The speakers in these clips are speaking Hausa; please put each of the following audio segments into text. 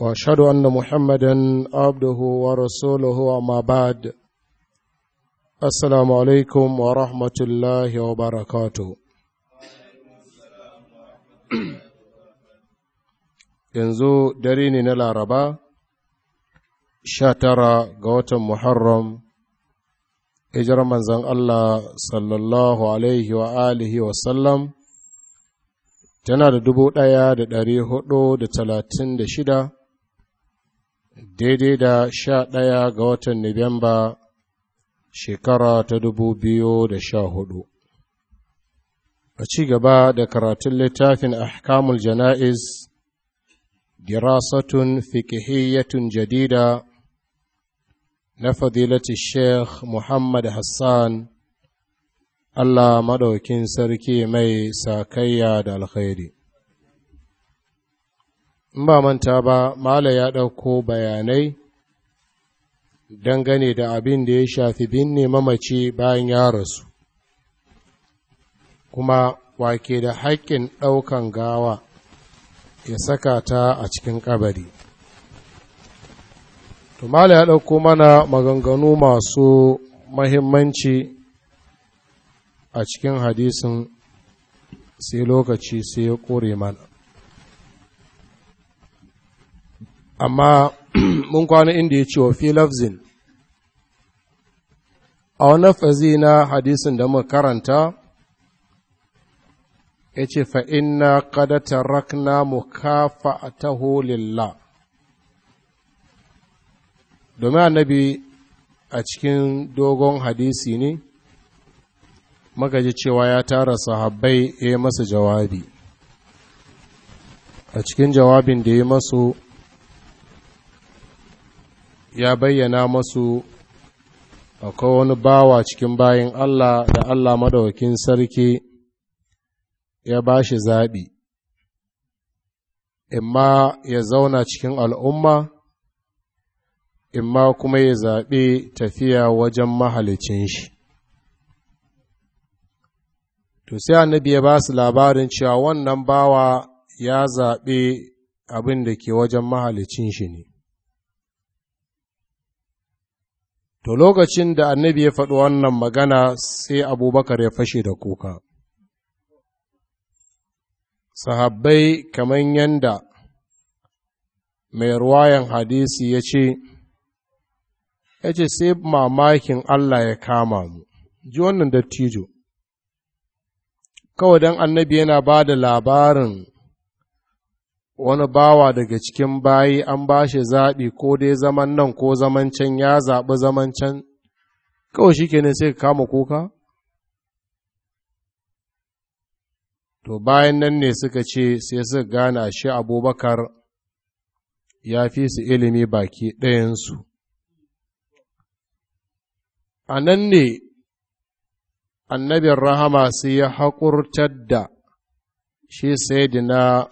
واشهد ان محمدا عبده ورسوله اما بعد السلام عليكم ورحمه الله وبركاته yanzu dare ne na laraba sha tara ga watan muharram hijirar manzan allah sallallahu alaihi wa alihi wasallam tana da dubu ɗaya da ɗari hudu da talatin da shida daidai da sha ɗaya ga watan Nuwamba shekara ta dubu biyu da sha hudu. A ci gaba da karatun littafin Ahkamul Jana'iz, dirasatun fiƙihiyyatun jadida na fadilati Sheikh Muhammad Hassan, Allah maɗaukin sarki mai sakayya da alkhairi. in ba manta ba mala ya ɗauko bayanai dangane da abin da ya shafi binne mamaci bayan ya rasu kuma wake da haƙƙin ɗaukan gawa ya saka ta a cikin ƙabari tumala ya ɗauko mana maganganu masu mahimmanci a cikin hadisin sai lokaci sai ya ƙure mana amma mun kwana inda ya ce wa fi lafzin a wani fazi na hadisin da mu karanta ya ce fa'ina kada tarakna mu kafa a taho domin annabi a cikin dogon hadisi ne magaji ji cewa ya tara sahabbai ya yi masa jawabi a cikin jawabin da ya yi masu ya bayyana masu akwai wani bawa cikin bayan Allah da Allah madawakin sarki ya ba shi zaɓi, imma ya zauna cikin al'umma, imma kuma ya zaɓi tafiya wajen mahalicin shi. To sai annabi ya ba su labarin cewa wannan bawa ya zaɓi abin da ke wajen mahalicin shi ne. To lokacin da annabi ya faɗi wannan magana sai abubakar ya fashe da kuka. Sahabbai kamar yanda mai ruwayan hadisi ya ce, ya ce sai mamakin Allah ya kama mu, ji wannan dattijo. Kawai don annabi yana ba da labarin wani bawa daga cikin bayi an ba shi zaɓi ko dai zaman nan ko zaman can ya zaɓi zaman can kawai shi kenan sai ka kama kuka? To bayan nan ne suka ce sai suka gana shi abubakar ya fi su ilimi baki ɗayansu. A nan ne annabin rahama sai ya haƙurtar da shi na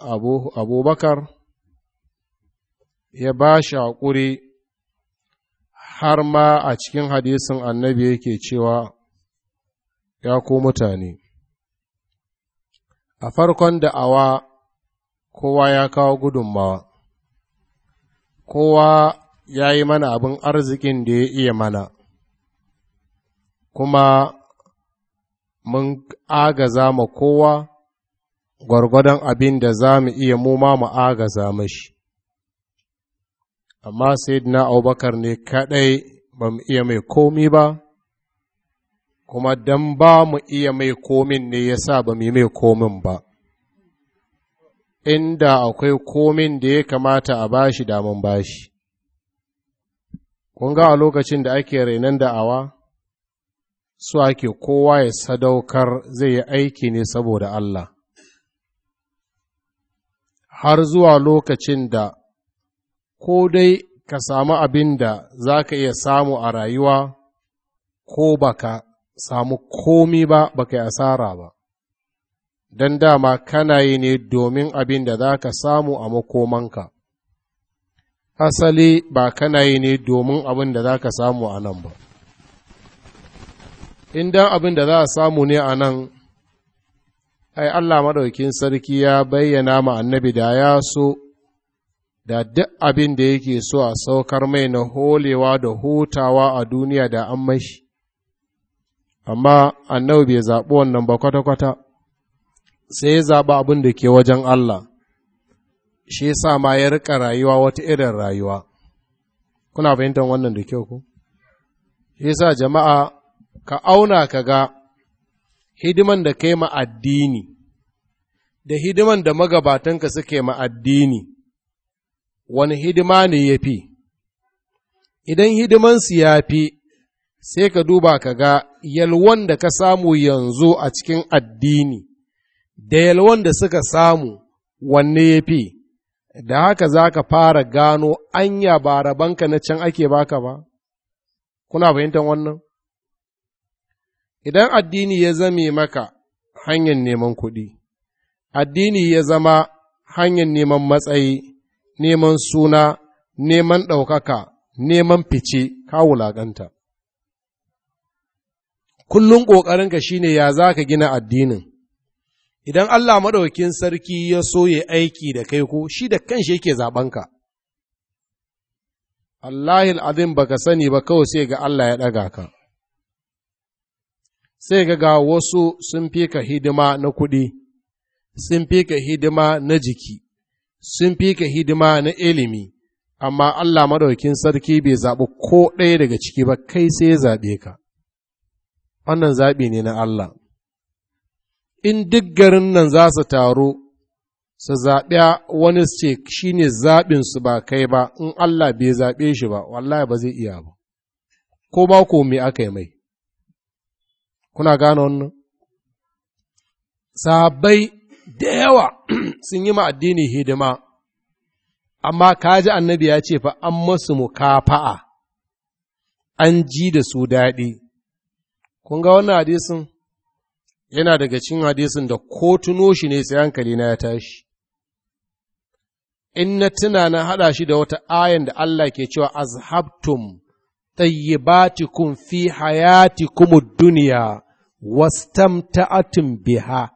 abubakar ya ba shi haƙuri har ma a cikin hadisin annabi yake cewa ya ku mutane a farkon da'awa kowa ya kawo gudunmawa kowa ya yi mana abin arzikin da ya iya mana kuma mun agaza ma kowa gwargwadon abin da za mu iya muma mu agaza mashi amma sai dina abubakar ne kaɗai ba mu iya mai komi ba kuma don ba mu iya mai komin ne ya sa ba mu mai komin ba inda akwai komin da ya kamata a bashi damun bashi kun ga a lokacin da ake renon da'awa su ake kowa ya sadaukar zai yi aiki ne saboda Allah har zuwa lokacin da ko dai ka samu abin da za ka iya samu a rayuwa ko baka samu komi ba baka yi asara ba, don dama kana yi ne domin abin da za ka samu a makomanka. Asali ba kana yi ne domin abin da za ka samu a nan ba. In dan abin da za a samu ne a nan ai Allah maɗaukin sarki ya bayyana ma annabi da ya so da duk abin da yake so a saukar mai na holewa da hutawa a duniya da an mashi amma annabi bai zaɓi wannan ba kwata-kwata sai ya zaɓi abin da ke wajen Allah shi sa ma ya rika rayuwa wata irin rayuwa kuna fahimtar wannan da kyau ku shi sa jama'a ka auna ka ga hidiman da kai ma addini da hidiman da magabatanka suke ma addini wani hidima ne ya fi idan hidimansu ya fi sai ka duba ka ga yalwan da ka samu yanzu a cikin addini da yalwan da suka samu wanne ya fi da haka za ka fara gano anya ba rabanka na can ake baka ba kuna fahimtar wannan Idan addini ya zame maka hanyar neman kuɗi, addini ya zama hanyar neman matsayi, neman suna, neman ɗaukaka, neman fice, ka wulaƙanta. Kullum ƙoƙarinka shi ne ya za ka gina addinin, idan Allah maɗaukin sarki ya so ya aiki da kai ko shi da kanshi yake ka. Allahil azim baka sani ba kawai sai ga Allah ya ɗaga ka. sai ga ga wasu sun fi ka hidima na kuɗi, sun fi ka hidima na jiki, sun fi ka hidima na ilimi, amma Allah maɗaukin sarki bai zaɓi ko ɗaya daga ciki ba kai sai ya zaɓe ka. Wannan zaɓi ne na Allah. In duk garin nan za su taru, su zaɓi wani ce shi ne zaɓinsu ba kai ba, in Allah bai zaɓe shi ba, wallahi ba zai iya ba, ko ba ko me aka yi mai. kuna gano wannan sahabbai da yawa sun yi ma addini hidima amma kaji annabi ya ce fa an masu mukafa'a an ji da su daɗi kun ga wannan hadisin yana daga cin hadisin da ko tuno shi ne sai hankali na ya tashi in na tuna na haɗa shi da wata ayan da Allah ke cewa azhabtum tayyibatikum fi hayatikum duniya ta atin biha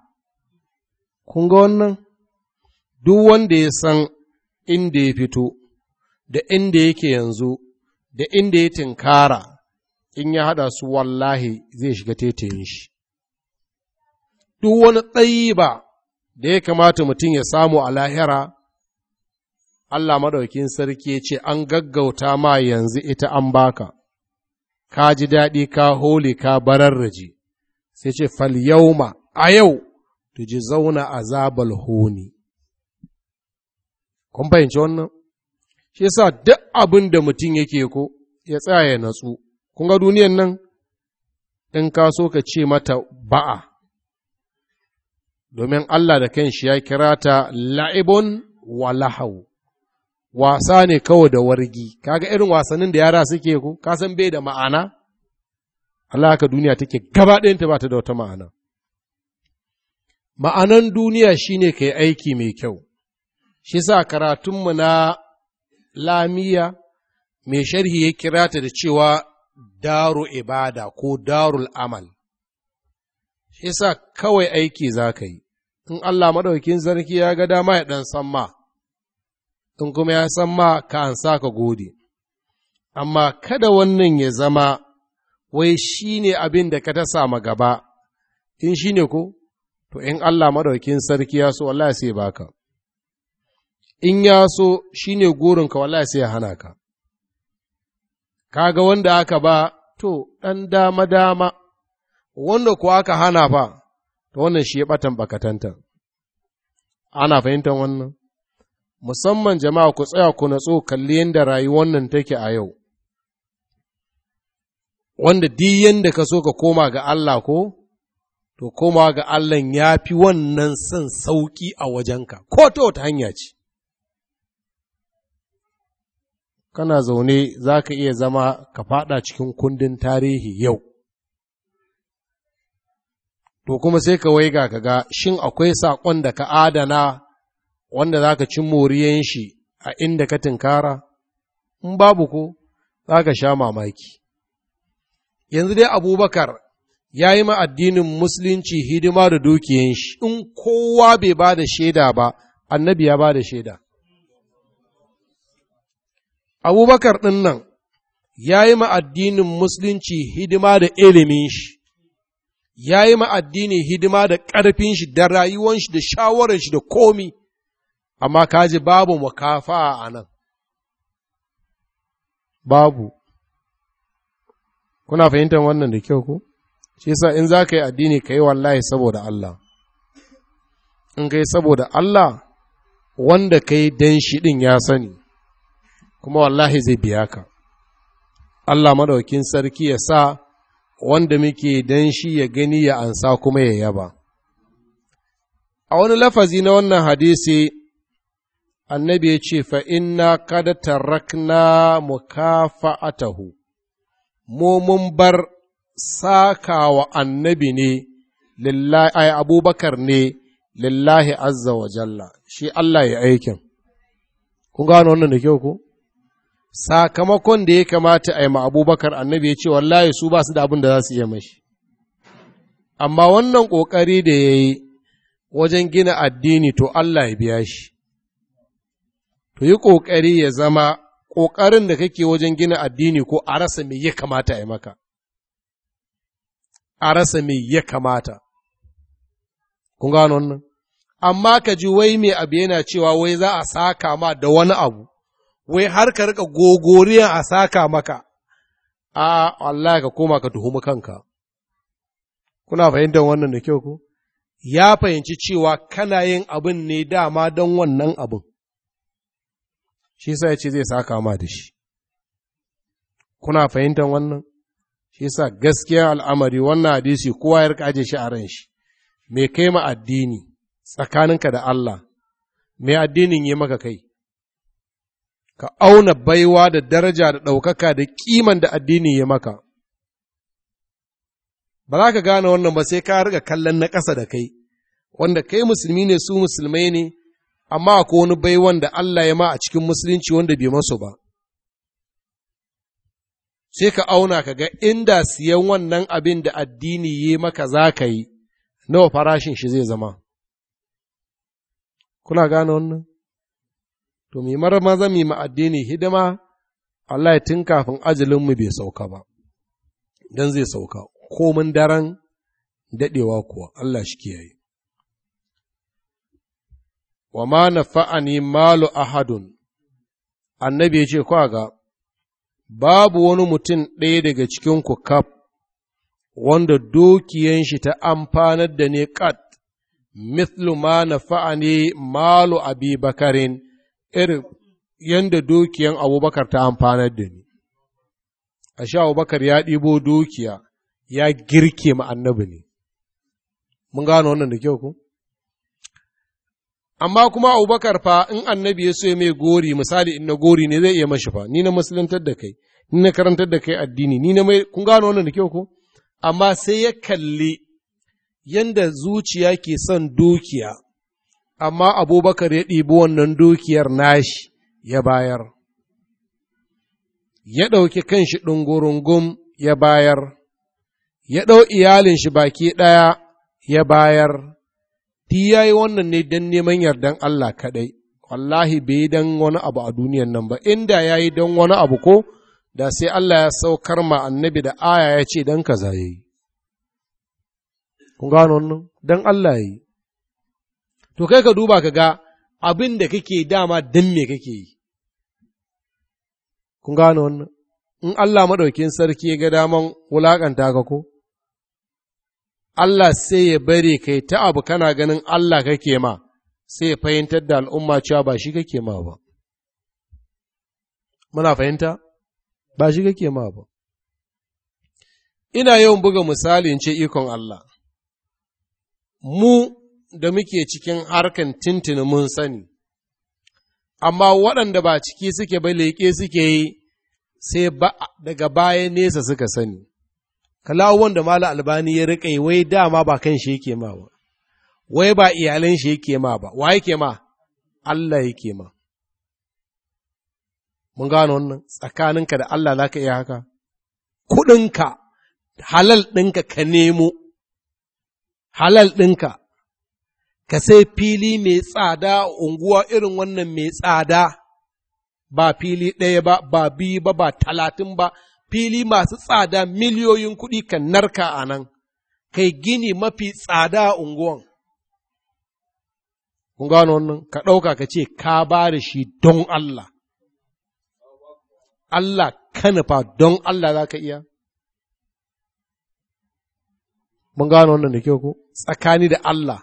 kun ga wannan duk wanda ya san inda ya fito da inda yake yanzu da inda ya tinkara in ya haɗa su wallahi zai shiga tetayin shi duk wani tsayi ba da ya kamata mutum ya samu a lahira Allah maɗaukin sarki ya ce an gaggauta ma yanzu ita an baka ka ji daɗi ka holi ka bararraje sai ce fal yauma a yau tuji zauna a zabal honi kun fahimci wannan shi sa duk abin da mutum yake ko ya tsaya ya natsu kun ga duniyan nan in ka so ka ce mata ba'a domin Allah da kan shi ya kira ta la'ibun wa lahau wasa ne kawai da wargi kaga irin wasannin da yara suke ku kasan bai da ma'ana Allah haka duniya take gaba ɗayanta ba ta da wata ma'ana. Ma'anan duniya shine ka yi aiki mai kyau, shi sa karatunmu na lamiya mai sharhi ya kira ta da cewa daru ibada ko darul amal. Shi sa kawai aiki za ka yi, in Allah maɗaukin sarki ya ga dama ya ɗan samma. in kuma ya samma ka an sa ka gode. Amma kada wannan ya zama wai shi ne abin da ka ta sama gaba, in shi ne ko, to in Allah maɗaukin sarki ya so wallahi sai baka, in ya so shi ne gorinka wallahi sai ya hana ka, kaga wanda aka ba to ɗan dama-dama, wanda ko aka hana fa, to wannan shi ya ɓatan bakatanta. Ana fahimtar wannan? Musamman jama'a ku tsaya ku natso kalli yadda rayuwar nan take a yau. wanda di da ka so ka koma ga Allah ko to koma ga Allah ya fi wannan son sauƙi a wajenka ko ta wata hanya ce kana zaune za ka iya zama ka faɗa cikin kundin tarihi yau to kuma sai ka waiga ka ga shin akwai saƙon da ka adana wanda za ka cin moriyan shi a inda ka tinkara in babu ko za ka sha mamaki yanzu dai abubakar ya yi ma addinin musulunci hidima da dukiyan shi in kowa bai ba da shaida ba annabi ya ba da shaida abubakar ɗin nan ya yi ma addinin musulunci hidima da ilimin shi ya yi ma addini hidima da ƙarfin shi da rayuwan shi da shawarar shi da komi amma kaji babu makafa a nan babu kuna fahimtar wannan da kyau ko shi yasa in za ka yi addini ka yi wallahi saboda Allah in ka yi saboda Allah wanda ka yi don shi ɗin ya sani kuma wallahi zai biya ka Allah maɗaukin sarki ya sa wanda muke don shi ya gani ya ansa kuma ya yaba a wani lafazi na wannan hadisi annabi ya ce fa inna kada tarakna mukafa'atahu mu mun bar sakawa annabi ne lillahi ay abubakar ne lillahi azza wa jalla shi Allah ya aikin kun gano wannan da kyau ko sakamakon da ya kamata a yi ma abubakar annabi ya ce wallahi su ba su da abin da za su iya mashi amma wannan ƙoƙari da ya yi wajen gina addini to Allah ya biya shi to yi ƙoƙari ya zama ƙoƙarin da kake wajen gina addini ko a rasa me ya kamata a yi maka. A rasa me ya kamata. Kun gano wannan? Amma ka ji wai mai abu yana cewa wai za a saka ma da wani abu, wai har ka rika gogoriyan a saka maka, a Allah ka koma ka tuhumi kanka. Kuna fahimtar wannan da kyau ku? Ya fahimci cewa kana yin abin ne dama don wannan abin. shi sa ya ce zai saka ma da shi kuna fahimtar wannan shi sa gaskiya al'amari wannan hadisi kowa ya rikaje shi a ran shi me kai ma addini tsakaninka da Allah mai addinin yi maka kai ka auna baiwa da daraja da ɗaukaka da kiman da addini ya maka ba za ka gane wannan ba sai ka riga kallon na ƙasa da kai wanda kai musulmi ne su musulmai ne amma ko wani bai wanda Allah ya ma a cikin musulunci wanda bai masu ba sai ka auna ka ga inda siyan wannan abin da addini ya maka za ka yi nawa farashin shi zai zama kuna gane wannan to mai mara maza mai ma addini hidima Allah ya tun kafin ajalinmu bai sauka ba don zai sauka ko komin daren daɗewa kuwa Allah shi kiyaye wa ma na fa'ani malu ahadun, annabi ya ce, ga babu wani mutum ɗaya daga cikinku kaf, wanda dukiyan shi ta amfanar da ne ƙat, mithlu ma na fa'ani malu abi bakarin, irin yadda dukiyan abubakar ta amfanar da ni. A sha abubakar ya ɗibo dukiya, ya girke ma annabi ne. Mun gano wannan da kyau ku? amma kuma abubakar fa in annabi ya so mai gori misali in na gori ne zai iya mashi fa ni na musulantar da kai ni na karantar da kai addini ni na mai kun gano wannan da kyau ko amma sai ya kalli yanda zuciya ke son dukiya amma abubakar ya ɗibi wannan dukiyar nashi ya bayar ya ɗauki kanshi ɗungurungum ya bayar ya ɗau iyalin shi baki ɗaya ya bayar Ti ya yi wannan ne don neman yardan Allah kaɗai, wallahi bai don wani abu a duniyan nan ba, inda ya yi don wani abu ko, da sai Allah ya saukar ma annabi da aya ya ce don kaza ya yi. Kun gano wannan? Don Allah ya yi. To kai ka duba ka ga abin da kake dama don me kake yi. Kun gano wannan? In Allah maɗaukin sarki ya ga daman wulaƙanta ka ko? Allah sai ya bari kai ta abu kana ganin Allah kake ma sai ya fahimtar da al'umma cewa ba shi kake ma ba muna fahimta ba shi kake ma ba ina yawan buga misali ce ikon Allah mu da muke cikin harkan tintini mun sani amma waɗanda ba ciki suke ba leƙe suke yi sai daga baya nesa suka sani kalawo wanda mala albani ya riƙa yi wai dama ba kan shi yake ma ba wai ba iyalan shi yake ma ba wa yake ma Allah yake ma mun gano wannan tsakaninka da Allah za ka iya haka kuɗinka halal ɗinka ka nemo halal ɗinka ka sai fili mai tsada unguwa irin wannan mai tsada ba fili ɗaya ba ba biyu ba ba talatin ba fili masu tsada miliyoyin kuɗi kan narka a nan, kai gini mafi tsada a unguwan. Kun gano wannan, ka ɗauka ka ce, ka ba da shi don Allah. Allah kanufa don Allah za ka iya? Mun gano wannan da kyau ko? Tsakani da Allah.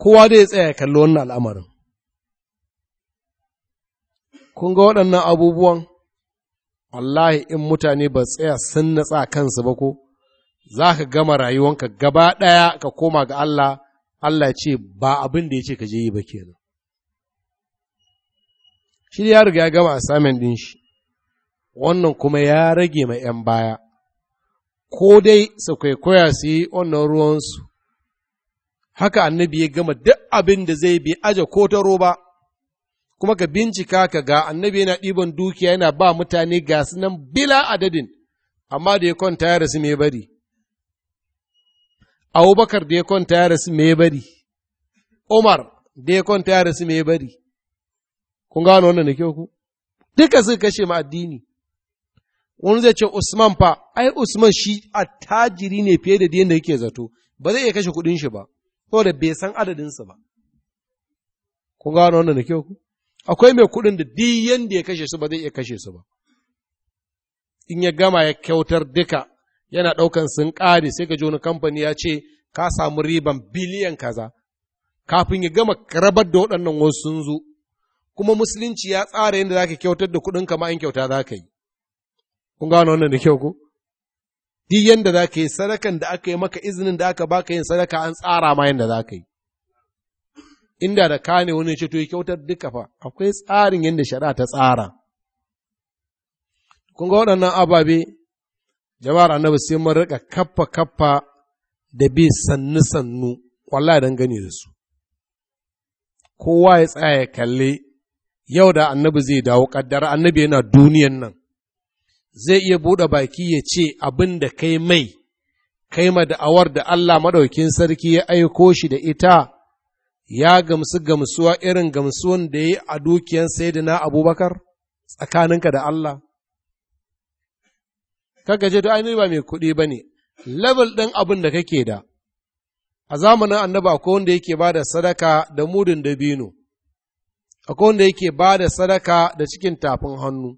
Kowa da ya tsaya kalli wannan al'amarin. Kun ga waɗannan abubuwan? wallahi in mutane ba tsaya sun natsa kansu ba ko za ka gama rayuwanka gaba ɗaya ka koma ga Allah Allah ce ba abin da ya ce ka je yi ba kenan shi ya riga ya gama assignment ɗin shi wannan kuma ya rage ma 'yan baya ko dai su kwaikwaya su yi wannan ruwansu haka annabi ya gama duk abin da zai bi aje ko ta roba kuma ka bincika ka ga annabi yana ɗiban dukiya yana ba mutane ga su nan bila adadin amma da ya kwanta ya rasu mai bari abubakar da ya kwanta ya rasu mai bari umar da ya kwanta ya rasu mai bari kun gano wannan da kyau ku duka suka kashe ma addini wani zai ce usman fa ai usman shi attajiri ne fiye da yadda yake zato ba zai iya kashe kuɗin shi ba saboda bai san adadinsa ba kun gano wannan da kyau ku akwai mai kuɗin da duk yadda ya kashe su ba zai iya kashe su ba in ya gama ya kyautar duka yana ɗaukan sun ƙare sai ka ji wani kamfani ya ce ka samu riban biliyan kaza kafin ya gama rabar da waɗannan wasu sun zo kuma musulunci ya tsara yadda za ka kyautar da kuɗin kama in kyauta za ka yi kun gano wannan da kyau ko duk yadda za ka yi sadakan da aka yi maka izinin da aka baka yin sadaka an tsara ma yadda za ka yi inda da kane wani ce to ya kyautar duka fa akwai tsarin yadda shari'a ta tsara kun ga waɗannan ababe jama'ar annabi sai mun rika kaffa kaffa da bi sannu sannu wallahi don gani da su kowa ya tsaya ya kalle yau da annabi zai dawo kaddara annabi yana duniyan nan zai iya buɗe baki ya ce abin da kai mai kai ma da'awar da Allah madaukin sarki ya aiko shi da ita ya gamsu gamsuwa irin gamsuwan da ya yi a dukiyan saidina abubakar tsakaninka da Allah? Kaga je ai ni ba mai kuɗi ba ne, level ɗin abin da kake da, a zamanin annaba ko wanda yake ba da sadaka da mudun dabino, akwai wanda yake ba da sadaka da cikin tafin hannu,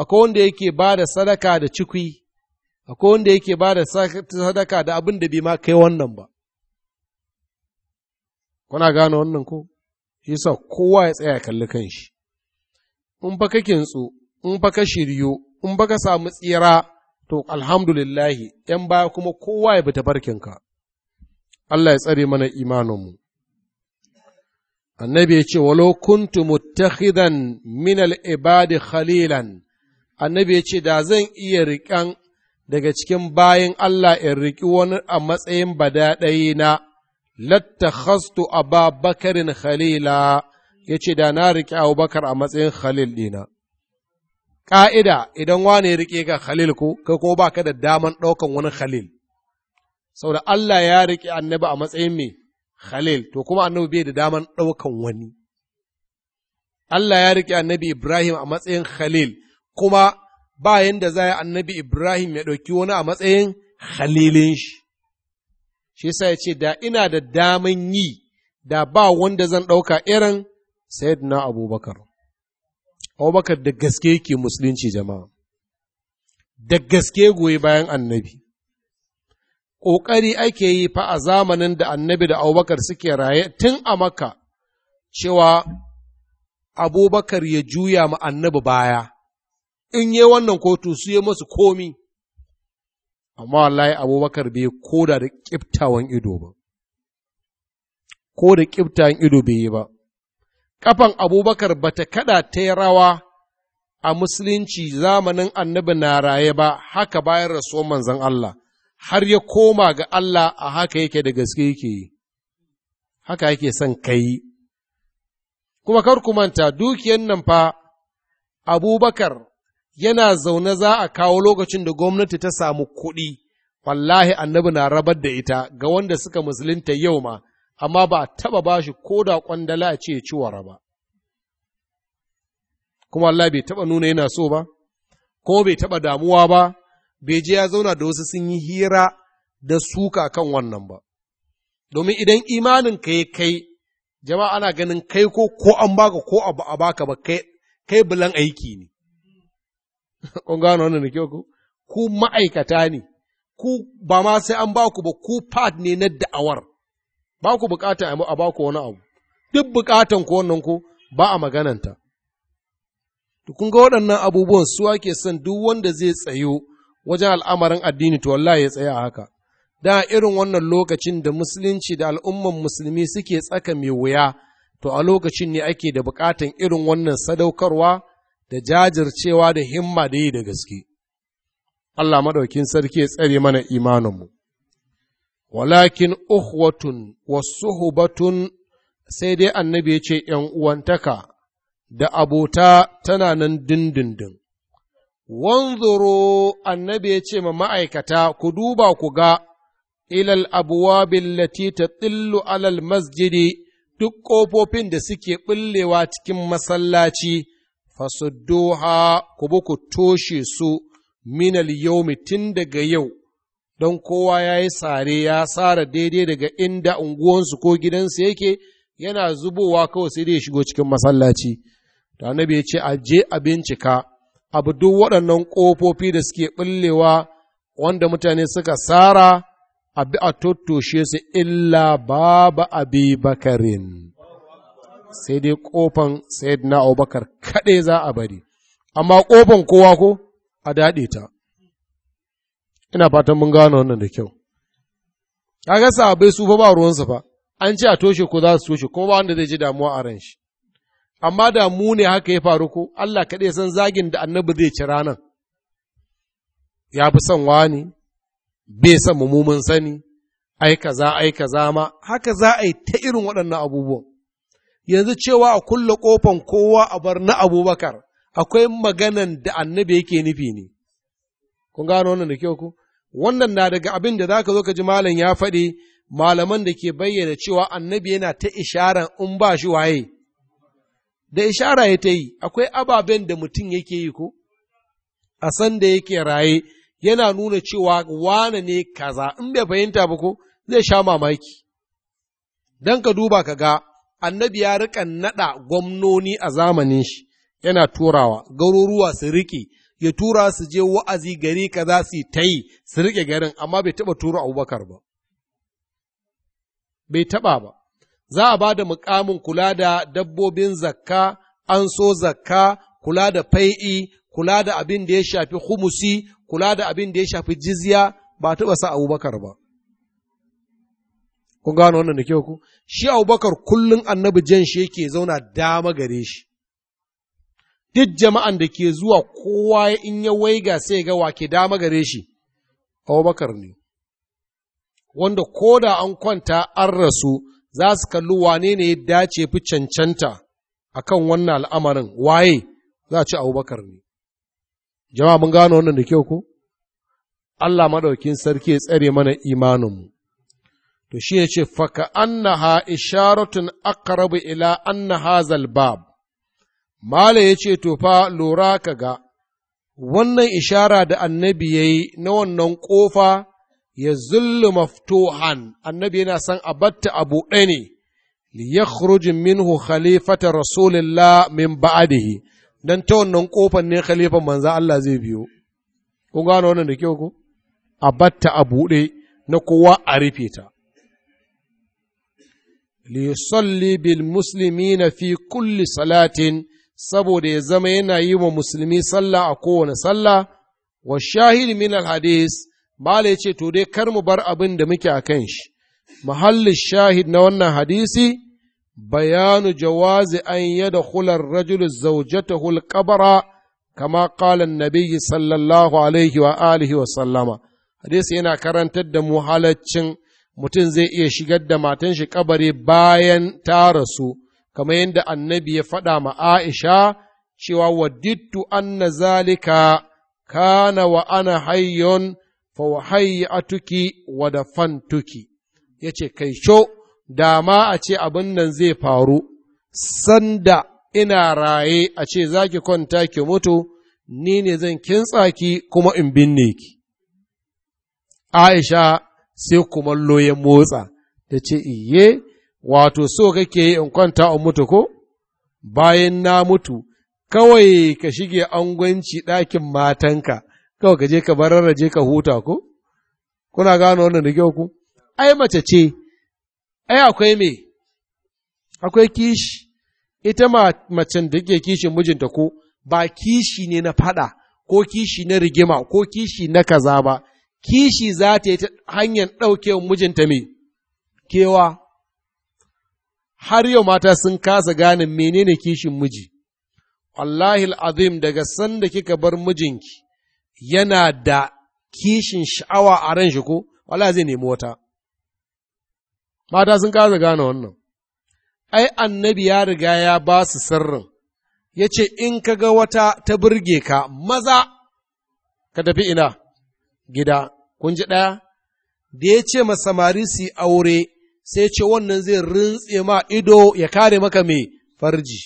akwai wanda yake ba da sadaka da cikwi, akwai wanda yake ba da sadaka da abin da bi ma kai wannan ba. Kuna gano wannan ko? yasa kowa ya tsaya kalli kan shi In baka kintsu, in fa ka shiryu, in baka samu tsira, to alhamdulillahi, ‘yan baya kuma kowa ya bi tafarkinka. Allah ya tsare mana imanin mu. Annabi ya ce, walau kuntu muttakhidan minal ibadi khalilan, annabi ya ce, da zan iya riƙan daga cikin bayan Allah in riƙi wani a matsayin badaɗayi na. lattakhastu aba bakarin khalila ya ce da na riƙe abubakar a matsayin khalil ɗina ƙa'ida idan wane riƙe ga khalil ko kai ko ba ka da daman ɗaukan wani khalil saboda Allah ya riƙe annabi a matsayin mai khalil to kuma annabi bai da daman ɗaukan wani Allah ya rike annabi Ibrahim a matsayin khalil kuma bayan da za annabi Ibrahim ya ɗauki wani a matsayin khalilin shi shi yasa ya ce da ina da daman yi da ba wanda zan ɗauka irin sayyidina abubakar abubakar da gaske yake musulunci jama'a da gaske goyi bayan annabi ƙoƙari ake yi fa a zamanin da annabi da abubakar suke raye tun a maka cewa abubakar ya juya ma annabi baya in yi wannan kotu su yi masu komi amma wallahi abubakar bai ko da ƙiftawan ido ba ko da ƙiftawan ido bai yi ba ƙafan abubakar ba ta kaɗa ta yi rawa a musulunci zamanin annabi na raye ba haka bayan rasuwar manzon Allah har ya koma ga Allah a haka yake da gaske yake yi haka yake son kai kuma kar ku manta dukiyan nan fa abubakar yana zaune za a kawo lokacin da gwamnati ta samu kuɗi, wallahi annabi na rabar da ita ga wanda suka musulunta yau ma, amma ba taba ba shi ko da ƙwandala a ce ciwara ba. Kuma Allah bai taba nuna yana so ba, ko bai taba damuwa ba, bai je ya zauna da wasu sun yi hira da suka kan wannan ba. Domin idan imanin ka ya kai, jama'a ana ganin kai ko ko an baka ko a baka ba kai bulan aiki ne. Kun gano wannan da kyau ku? Ku ma'aikata ne, ku ba ma sai an ba ku ba, ku part ne na da'awar. Ba ku bukata a ba ku wani abu. Duk bukatan ku wannan ku ba a magananta. Kun ga waɗannan abubuwan su ake son duk wanda zai tsayo wajen al'amarin addini to wallahi ya tsaya a haka. Da irin wannan lokacin da musulunci da al'umman musulmi suke tsaka mai wuya, to a lokacin ne ake da bukatan irin wannan sadaukarwa da jajircewa da himma da yi da gaske Allah maɗaukin sarki ya tsare mana imaninmu walakin uhwatun wasuhubatun sai dai annabi ya ce uwantaka da abota tana nan dindindin wanzuro annabi ya ce ma ma'aikata ku duba ku ga ilal abuwa billati ta tsillu alal masjidi duk ƙofofin da suke ɓullewa cikin masallaci fasudduha ku bi ku toshe su minal yaumi tun daga yau don kowa ya yi sare ya sara daidai daga inda unguwansu ko gidansu yake yana zubowa kawai sai dai ya shigo cikin masallaci da annabi ya ce a je a bincika abu duk waɗannan ƙofofi da suke ɓullewa wanda mutane suka sara abi a tottoshe su illa babu abi bakarin sai dai kofan ƙofan na Abubakar kaɗai za a bari, amma kofan kowa ko a daɗe ta. Ina fatan mun gano wannan da kyau. ya a bai su fa ba ruwansu fa, an ce a toshe ko za su toshe kuma ba wanda zai ji damuwa a ran shi. Amma da mu ne haka ya faru ko Allah kaɗai san zagin da annabi zai ci ranan. Ya fi son wani, bai san mummumin sani, ai kaza ai kaza ma, haka za a yi ta irin waɗannan abubuwan. yanzu cewa a kulle kofan kowa a bar na abubakar akwai maganan da annabi yake nufi ne kun gano wannan da kyau ku wannan na daga abin da zaka zo ka ji malam ya faɗi malaman da ke bayyana cewa annabi yana ta isharar in ba shi waye da ishara ya ta yi akwai ababen da mutum yake yi ko a san da yake raye yana nuna cewa wane ne kaza in bai fahimta ba ko zai sha mamaki don ka duba ka ga annabi ya riƙa naɗa gwamnoni a zamanin shi yana turawa garuruwa su riƙe ya tura su je wa'azi gari kaza su ta yi su riƙe garin amma bai taɓa tura abubakar ba bai taɓa ba za a ba da mukamin kula da dabbobin zakka an so zakka kula da fai'i kula da abin da ya shafi humusi kula da abin da ya shafi jizya ba taɓa sa abubakar ba Kun gano wannan da kyau ku? Shi Abubakar kullum annabi jan shi yake zauna dama gare shi. Duk jama'an da ke zuwa kowa in ya waiga sai ga wake dama gare shi, Abubakar ne. Wanda ko da an kwanta an rasu za su kalli wane ne ya dace fi cancanta a kan wannan al'amarin waye za a ci Abubakar ne. Jama'a mun gano wannan da kyau ku? Allah maɗaukin sarki ya tsare mana imaninmu. to shi ya ce faka annaha isharatun aqrabu ila anna hazal bab mala ya ce to fa lura ka ga wannan ishara da annabi ya na wannan kofa ya zullu maftuhan annabi yana san a batta a buɗe ne li yakhruj minhu khalifata rasulillah min ba'dihi dan ta wannan kofan ne khalifan manza Allah zai biyo kun gano wannan da kyau ko a batta a buɗe na kowa a rufe ta liyusalli bil muslimina fi kulli salatin saboda ya zama yana yi wa musulmi sallah a kowane sallah wa shahid min al hadis mala yace to dai kar mu bar abin da muke a kan shi mahallin shahid na wannan hadisi bayanu jawazi an da hular rajulu zaujatahu al-qabara kama qala an-nabi hadisi yana karantar da mu mutum zai iya shigar da matan shi kabari bayan ta rasu, kamar yadda annabi ya faɗa ma Aisha cewa waddittu anna zalika kana wa ana hayyon fa wa hayyatuki tuki Ya ce kai sho dama a ce abin nan zai faru sanda ina raye a ce za ki kwanta ki mutu ni ne zan kintsa ki kuma in binne ki Aisha sai kumallo ya motsa ta ce iye wato so kake yi in kwanta a mutu ko bayan na mutu kawai ka shige angwanci ɗakin matanka kawai ka je ka bararraje ka huta ko kuna gano wannan da kyau ai mace ce ai akwai me akwai kishi ita macen da ke kishin mijinta ko ba kishi ne na fada ko kishi na rigima ko kishi na kaza ba kishi za ta yi ta hanyar ɗauke mijinta mai kewa, har yau mata sun kasa gane menene kishin miji, wallahi azim daga sanda kika bar mijinki yana da kishin sha'awa a ran shi ko, Wala zai nemi wata. Mata sun kasa gane wannan, ai, annabi ya riga ya ba su sirrin, ya ce, In kaga wata ta burge ka, maza, ka tafi ina. gida, kun ji ɗaya? Da ya ce ma samari su aure, sai ce wannan zai rintse ma ido ya kare maka mai farji,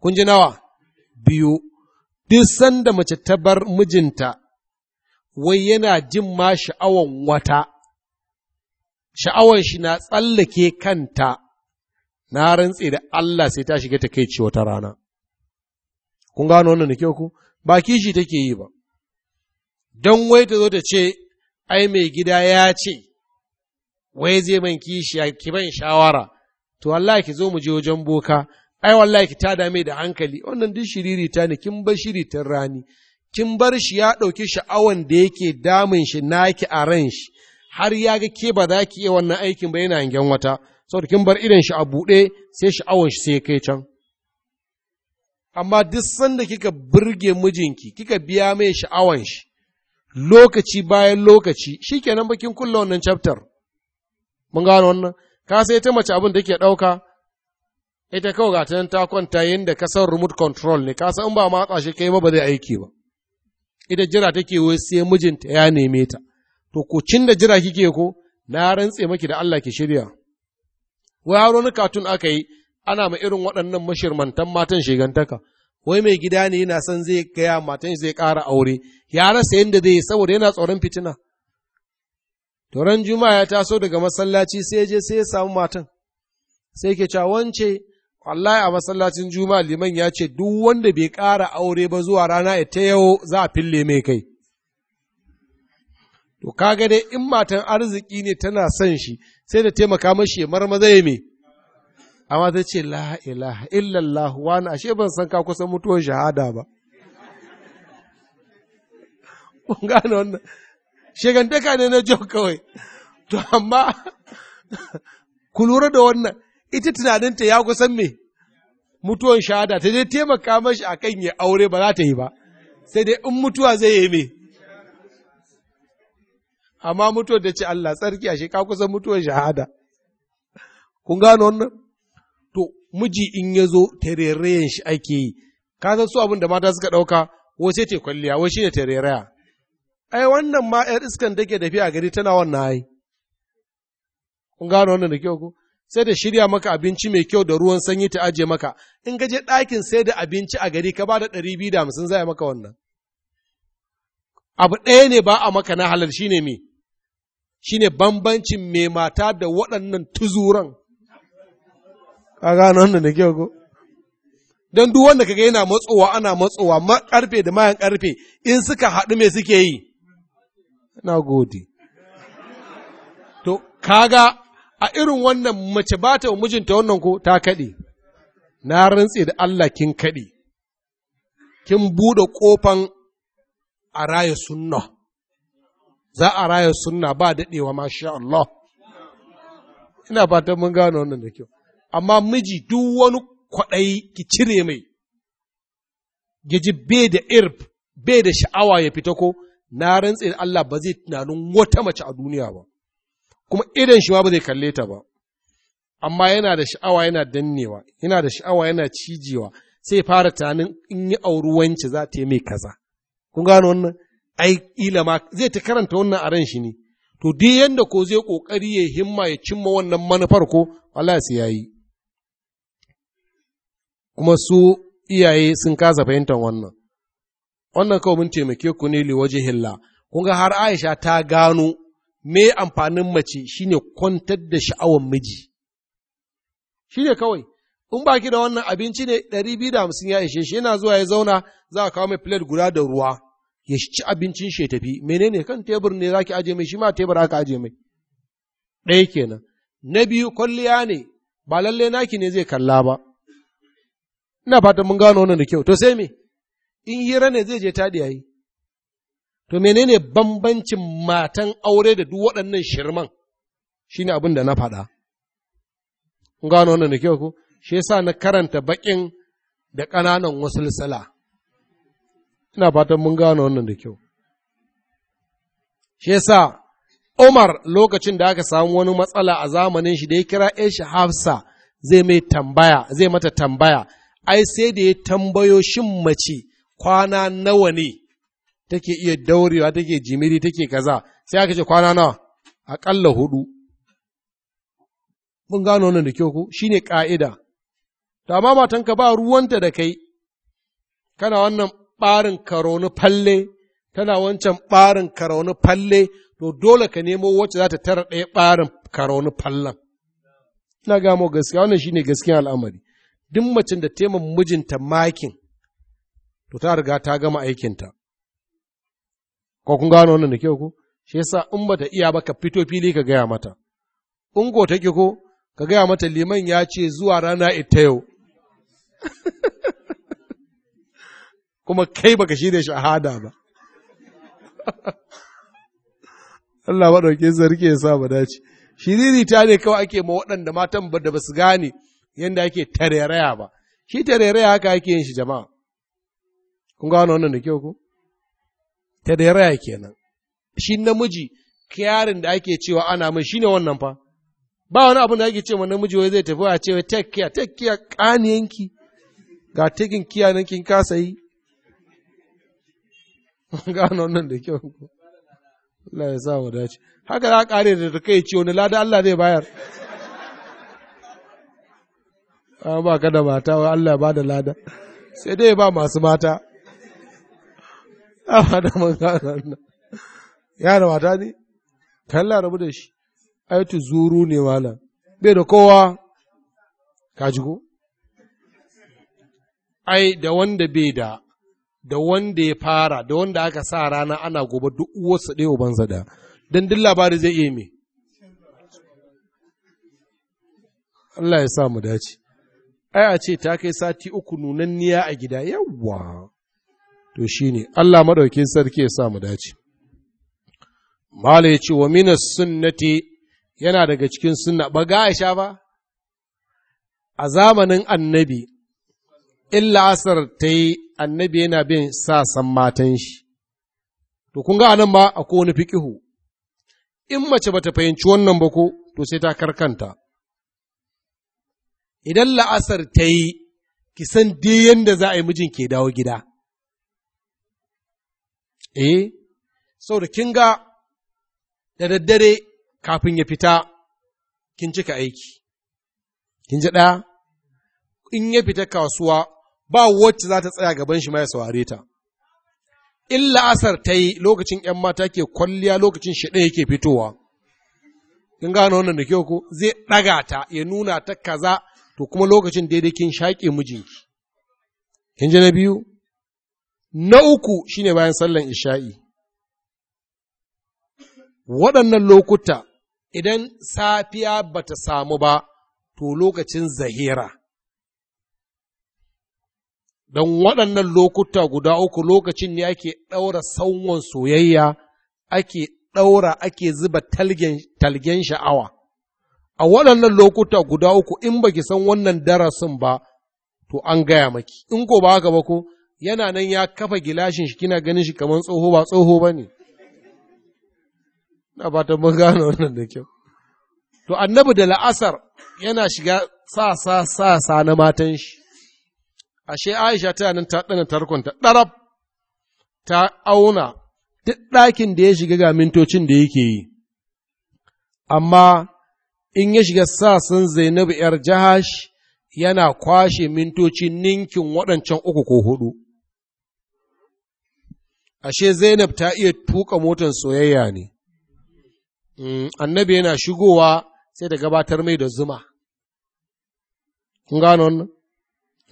kun ji nawa? Biyu, duk sanda mace ta bar mijinta, wai yana jin ma sha'awan wata, sha'awan shi na tsallake kanta, na rantse da Allah sai ta shiga ta kai ce wata rana. Kun gano wannan da ku? Ba kishi take yi ba. don wai ta zo ta ce, ai mai gida ya ce, wai zai man kishiya ki ban shawara, to Allah ki zo mu je wajen boka, ai wallahi ki ta dame da hankali, wannan duk shiriri ta ne, kin bar shiri ta rani, kin bar shi ya ɗauki sha'awan da yake damun shi naki a ran shi, har ya ga ke ba za ki iya wannan aikin ba yana hangen wata, saboda kin bar idon shi a buɗe sai sha'awan shi sai kai can. Amma duk sanda kika burge mijinki, kika biya mai sha'awan shi, lokaci bayan lokaci shi kenan bakin kulla wannan chapter mun gano wannan ka sai ta mace abin da ke ɗauka ita kawai ga ta nan ta kwanta yadda ka san remote control ne kasa in ba a shi kai ba ba zai aiki ba ita jira take wai sai mijinta ya neme ta to ko cin da jira kike ko na rantse maki da Allah ke shirya wai haro ni katun aka yi ana ma irin waɗannan mashirmantan matan shigantaka wai mai gida ne yana son zai gaya matan zai ƙara aure ya rasa yadda zai saboda yana tsoron fitina Turan Juma'a ya taso daga masallaci sai je sai ya samu matan sai ke cewa wance wallahi a masallacin Juma'a liman ya ce duk wanda bai kara aure ba zuwa rana ya ta yau za a fille mai kai to kaga dai in matan arziki ne tana son shi sai da taimaka mashi ya marmaza ya mai. amma ta ce la ilaha illallah wani ashe ban san ka kusan mutuwan shahada ba kun gane wannan shegantaka ne na jau kawai to amma ku lura da wannan ita tunaninta ya kusan me mutuwan shahada ta je taimaka mashi akan ya aure ba za ta yi ba sai dai in mutuwa zai yi me amma mutuwar da ce Allah tsarki ashe ka kusan mutuwan shahada kun gano wannan miji in ya zo tarerayen shi ake yi ka san su abin da mata suka ɗauka wasu te kwalliya shi ne tareraya ai wannan ma ‘yar iskan ke tafiya a gari tana wannan ai kun gano wannan da kyau ko sai da shirya maka abinci mai kyau da ruwan sanyi ta aje maka in gaje je ɗakin sai da abinci a gari ka ba da ɗari biyu da hamsin zai maka wannan abu ɗaya ne ba a maka na halal shine me shine bambancin mai mata da waɗannan tuzuran ka gano wannan da kyau ko don duk wanda kaga yana matsowa ana matsowa ma karfe da mayan karfe in suka haɗu me suke yi na gode to kaga a irin wannan mace ba ta mijinta wannan ko ta kaɗe na rantse da Allah kin kaɗe kin buɗe ƙofan a raya sunna za a raya sunna ba daɗewa masha Allah ina fatan mun gano wannan da kyau amma miji duk wani kwaɗayi ki cire mai, ya ji bai da irb, bai da sha'awa ya fita ko, na rantse da Allah ba zai tunanin wata mace a duniya ba, kuma idan shi ma ba zai kalle ta ba, amma yana da sha'awa yana dannewa, yana da sha'awa yana cijewa, sai fara tunanin in yi auri wance za ta yi mai kaza. Kun gano wannan? Ai, ila zai ta karanta wannan a ran shi ne, to duk yadda ko zai ƙoƙari ya himma ya cimma wannan manufar ko, Allah sai ya yi. kuma su iyaye sun kasa fahimtar wannan wannan kawai mun taimake ku ne liwaje hilla kun ga har aisha ta gano me amfanin mace shine kwantar da sha'awar miji shine kawai in baki da wannan abinci ne ɗari biyu da hamsin ya ishe shi yana zuwa ya zauna za a kawo mai plate guda da ruwa ya ci abincin shi ya tafi menene kan tebur ne za ki aje mai shi ma tebur aka aje mai ɗaya kenan na biyu kwalliya ne ba lallai naki ne zai kalla ba ina fatan mun gano wannan da kyau to sai me in hira ne zai je taɗi yayi to menene bambancin matan aure da duk waɗannan shirman shine abin da na faɗa mun gano wannan da kyau ko shi yasa na karanta baƙin da ƙananan wasulsala ina fatan mun gano wannan da kyau shi yasa Umar lokacin da aka samu wani matsala a zamanin shi da ya kira Aisha Hafsa zai mai tambaya zai mata tambaya ai sai da ya tambayo shin mace kwana nawa ne take iya daurewa take jimiri take kaza sai aka ce kwana nawa aƙalla hudu mun gano wannan da kyau ko shine ka'ida to amma ka ba ruwanta da kai kana wannan barin karoni falle tana wancan barin karoni falle to dole ka nemo wacce za ta tara ɗaya barin karoni fallan ina gamo gaskiya wannan shine gaskiyan al'amari duk macin da tema mijinta makin to ta riga ta gama aikinta ko kun gano wannan da kyau ko shi yasa in bata iya ba ka fito fili ka gaya mata in go take ko ka gaya mata liman ya ce zuwa rana ita yau kuma kai baka shirya shahada ba Allah maɗauke zarge ya sa ba dace shiriri ta ne kawai ake ma waɗanda matan ba da ba su gane yadda ake tareraya ba shi tareraya haka ake yin shi jama'a kun gano wannan da kyau ko tareraya kenan shi namiji kyarin da ake cewa ana mai ne wannan fa ba wani abin da ake cewa namiji wai zai tafi a cewa take care take care kaniyanki ga takin kiya nan kin kasa yi gano wannan da kyau Allah ya sa mu dace haka za a ƙare da kai ciwo, wani lada Allah zai bayar ba ka da mata wa Allah ba da lada sai dai ba masu mata ba da man gana ya da mata ne Kalla larabu da shi aitu zuru ne wala bai da kowa ka ji ko ai da wanda bai da da wanda ya fara da wanda aka sa rana ana gobe duk da ɗaya banza da don duk labari zai iya me Allah ya sa mu dace aya ce ta kai sati uku nunanniya a gida yawwa to shine Allah maɗaukin sarki ya sa mu dace mala ya ce wa minas sunnati yana daga cikin sunna ba ga Aisha ba a zamanin annabi illa asar ta yi annabi yana bin sasan matan shi to kun ga anan ba a kowane fikihu in mace bata fahimci wannan ba ko to sai ta karkanta idan la'asar ta yi ki san dai yadda za a yi mijin ke dawo gida eh da kin ga da daddare kafin ya fita kin cika aiki kin ji ɗaya in ya fita kasuwa ba wacce za ta tsaya gaban shi mai ya ta in la'asar ta yi lokacin ‘yan mata ke kwalliya lokacin ɗaya yake fitowa. Kin gane wannan da kyau ko zai ɗaga ta ya nuna ta kaza to kuma lokacin daidai kin shaƙe mijinki kin ji na biyu na uku shine bayan sallan isha'i waɗannan lokuta idan safiya bata samu ba to lokacin zahira don waɗannan lokuta guda uku lokacin ne ake ɗaura sauwan soyayya ake ɗaura ake zuba talgen sha'awa a waɗannan lokuta guda uku in baki san wannan darasin ba to an gaya maki in ko ba haka ba ko yana nan ya kafa gilashin shi kina ganin shi kamar tsoho ba tsoho ba ne na fatan mun gane wannan da kyau to annabi da la'asar yana shiga sa sa sa sa na matan shi ashe Aisha tana nan ta ɗana tarkonta ɗarab ta auna duk ɗakin da ya shiga ga mintocin da yake yi, amma in ya shiga sasan Zainabu ‘yar Jahash yana kwashe mintoci ninkin waɗancan uku ko hudu. Ashe Zainab ta iya tuka motar soyayya ne, mm, annabi yana shigowa sai da gabatar mai da zuma. Ganon,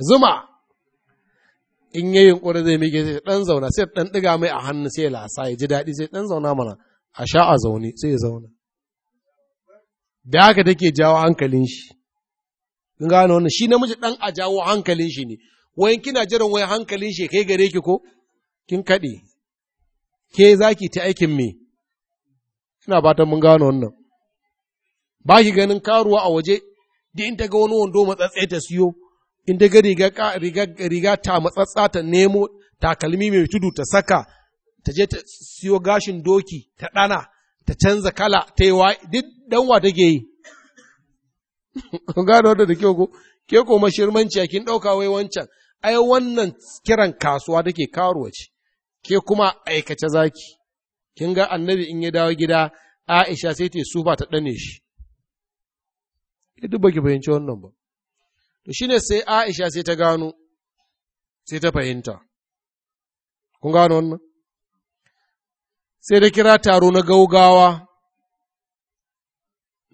Zuma! In yi yunƙuri zai miƙe sai ɗan zauna, sai ɗan ɗiga mai a hannu sai lasa ya ji daɗi sai ɗan zauna mana, a sha a zaune sai ya zauna. da haka take jawo hankalin shi kun gano wannan shi namiji dan a jawo hankalin shi ne wayan kina jiran wayan hankalin shi kai gare ki ko kin kade ke zaki ta aikin me ina fatan mun gano wannan ba ki ganin karuwa a waje da in ta ga wani wando matsatse ta siyo in ta ga riga riga riga ta matsatsa ta nemo takalmi mai tudu ta saka ta je ta siyo gashin doki ta ɗana ta canza kala ta yi wa duk danwa take yi gano wadda da kyau ko ke ko mashirmanci a kin ɗauka wai wancan ai wannan kiran kasuwa take karuwa ce ke kuma aikace zaki kin ga annabi in ya dawo gida Aisha sai ta sufa ta ɗane shi duk baki fahimci wannan ba to shine sai Aisha sai ta gano sai ta fahimta kun gano wannan sai da kira taro na gaugawa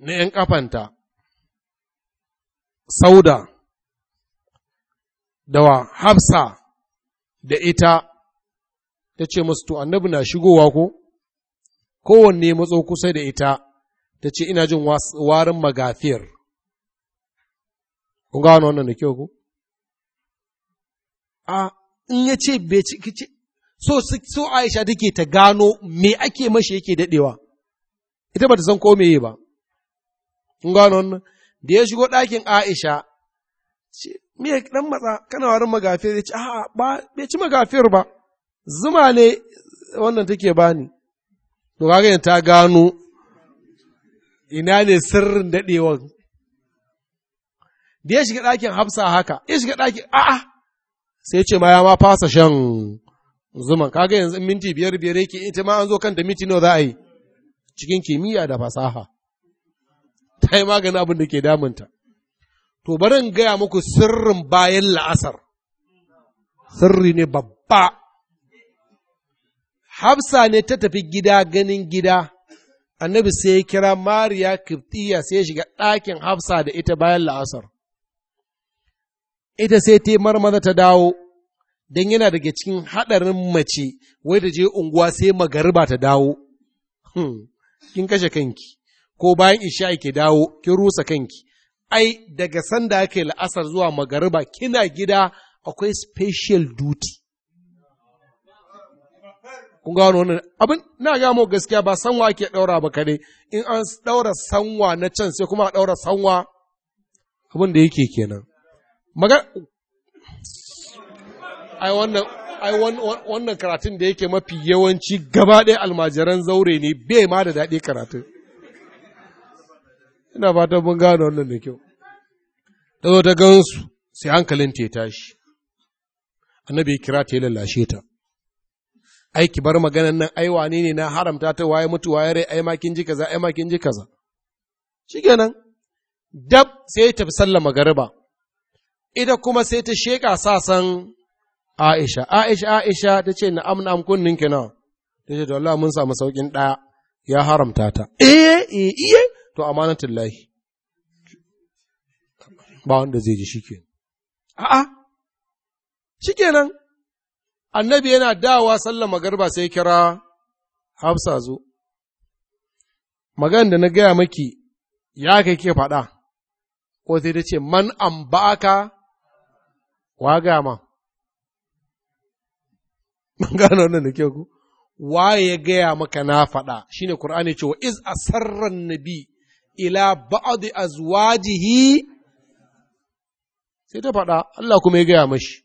na ‘yan kafanta sauda, da wa hafsa da ita, ta ce musu to annabi na shigowa ko, kowanne matso kusa da ita, ta ce ina jin warin magafiyar. Kun gano wannan da kyau ko? A, in ya ce so su Aisha take ta gano me ake mashi yake dadewa ita bata san ko meye ba kun gano wannan da ya shigo ɗakin Aisha me dan matsa kana warin magafiyar ya ce a ba bai ci magafiyar ba zuma ne wannan take bani to kaga ta gano ina ne sirrin dadewan da ya shiga ɗakin Hafsa haka ya shiga ɗakin a'a sai ce ma ya ma fasa shan zuma kaga yanzu minti biyar biyar yake ita ma an zo kanta minti nawa za a yi cikin kimiyya da fasaha ta yi maganin abin da ke damunta to barin gaya muku sirrin bayan la'asar sirri ne babba hafsa ne ta tafi gida ganin gida annabi sai ya kira mariya kiftiya sai ya shiga ɗakin hafsa da ita bayan la'asar ita sai ta yi marmaza ta dawo don yana daga cikin haɗarin mace wai da je unguwa sai magariba ta dawo hmm, kin kashe kanki ko bayan isha ke dawo kin rusa kanki ai daga sanda ake la'asar zuwa magariba kina gida akwai special duty kun ga wani wannan abin na ga mu gaskiya ba sanwa ake ɗaura ba kaɗai. in an ɗaura sanwa na can sai kuma a ɗaura sanwa abin da yake kenan magana ai wannan ai wannan karatun da yake mafi yawanci gaba ɗaya almajiran zaure ne bai ma da daɗi karatun ina fatan mun gano wannan da kyau ta zo ta gansu sai hankalin ta tashi annabi ya kira ta yi lallashe ta Aiki, bar maganan nan ai wane ne na haramta ta waye mutu waye rai ai kin ji kaza ai kin ji kaza shikenan dab sai ta fi sallama magariba ita kuma sai ta sheka sasan Aisha, Aisha, Aisha ta ce na na'am kunnin ki nawa, ta ce Allah mun samu saukin ɗaya ya haramta ta, iye, eh, iye, eh, eh, to amanatin lahi, ba wanda zai ji shi ke. A'a, shi kenan, annabi yana dawa sallama garba sai kira Hafsa zo, magan da na gaya maki ya kai ke faɗa, ko sai ta ce man an ba ka wa gama. Mun gano wannan da kyau ku? Waye ya gaya maka na faɗa, shi ne Kur'ani cewa, Iz asarran nabi ila ba'adu azwajihi sai ta faɗa, Allah kuma ya gaya mashi.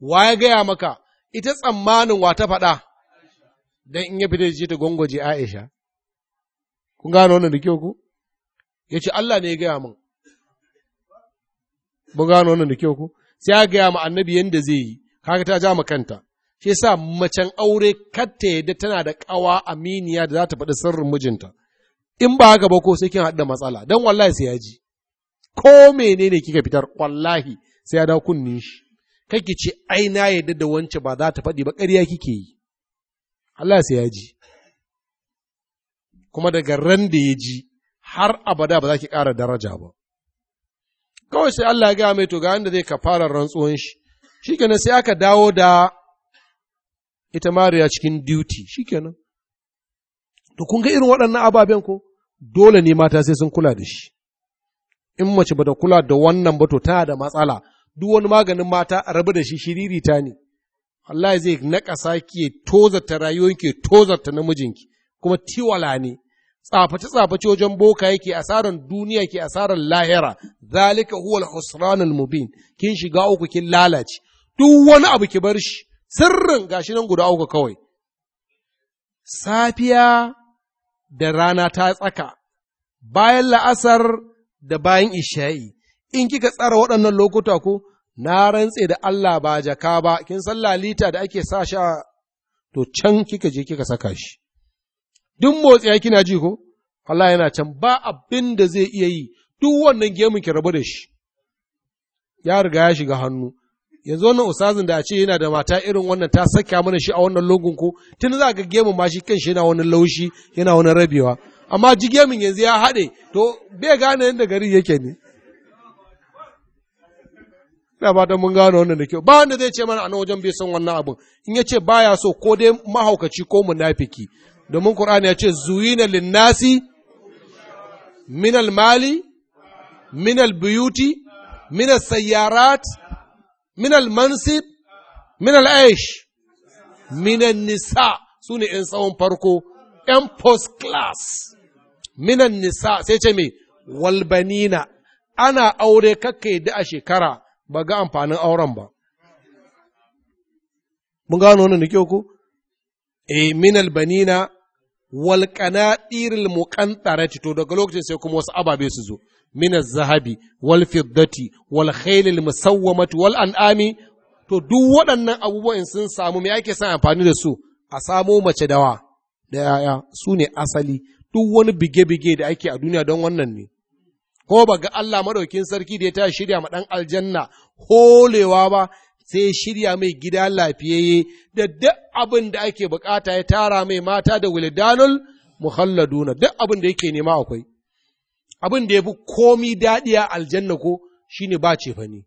Waye gaya maka, ita tsammanin wa ta faɗa, don in ya fita ji ta gongoje Aisha. Kun gano wannan da kyau ku? Ya ce, Allah ne ya gaya min. Mun gano wannan da kyau ku? Sai ya gaya ma annabi yadda zai yi, kaga ta ja ma kanta. shi sa macen aure katta yadda tana da kawa aminiya da za ta faɗi sirrin mijinta in ba haka ba ko sai kin haɗa matsala don wallahi sai ya ji ko menene kika fitar wallahi sai ya dawo kunnin shi kake ce ai na yadda da wance ba za ta faɗi ba ƙarya kike yi Allah sai ya ji kuma daga ran da ya ji har abada ba za ki ƙara daraja ba kawai sai Allah ya ga mai to ga da zai ka fara rantsuwan shi shikenan sai aka dawo da ita mariya cikin duty kenan. to kun ga irin waɗannan ababen ko dole ne mata sai sun kula da shi in mace bata kula da wannan ba to tana da matsala duk wani maganin mata a rabu da shi ta ne Allah zai naƙasa ki tozata tozarta rayuwanki ya tozarta namijinki kuma tiwala ne tsafaci tsafaci wajen boka yake asaran duniya ke asaran lahira zalika huwal husranul mubin kin shiga uku kin lalace duk wani abu ki bar shi sirrin gashi nan guda uku kawai safiya da rana ta tsaka bayan la'asar da bayan isha'i in kika tsara waɗannan lokuta ko na rantse da Allah ba jaka ba kin san lalita da ake sa sha to can kika je kika saka shi duk motsi kina ji ko Allah yana can ba abin da zai iya yi duk wannan gemun ki rabu da shi ya riga ya shiga hannu yanzu wannan usazin da a ce yana da mata irin wannan ta saka mana shi a wannan logon ko tun za ga gemun ma shi kanshi yana wani laushi yana wani rabewa amma ji gemun yanzu ya haɗe to bai gane yadda gari yake ne ina fatan mun gano wannan da kyau ba wanda zai ce mana a wajen bai san wannan abin in ya ce baya so ko dai mahaukaci ko munafiki domin qur'ani ya ce zuyina linnasi minal mali minal buyuti minal sayyarat min al-mansib min al-aish min nisa su ne ‘yan tsawon farko ‘yan post class min nisa sai ce me walbanina ana aure kakka da a shekara ba ga amfanin auren ba mun gano wannan da kyau ko eh min albanina wal qanatir al muqantarati to daga lokacin sai kuma wasu ababe su zo min zahabi wal fiddati wal khailil musawwamati wal an'ami to duk waɗannan abubuwan sun samu me ake son amfani da su a samo mace dawa da yaya su ne asali duk wani bige-bige da ake a duniya don wannan ne ko ba ga Allah madaukin sarki da ya ta shirya ma ɗan aljanna holewa ba sai shirya mai gida lafiyayye da duk abin da ake bukata ya tara mai mata da wilidanul muhalladuna duk abin da yake nema akwai abin da ya fi komi daɗi a aljanna ko shi ne ba ce fani.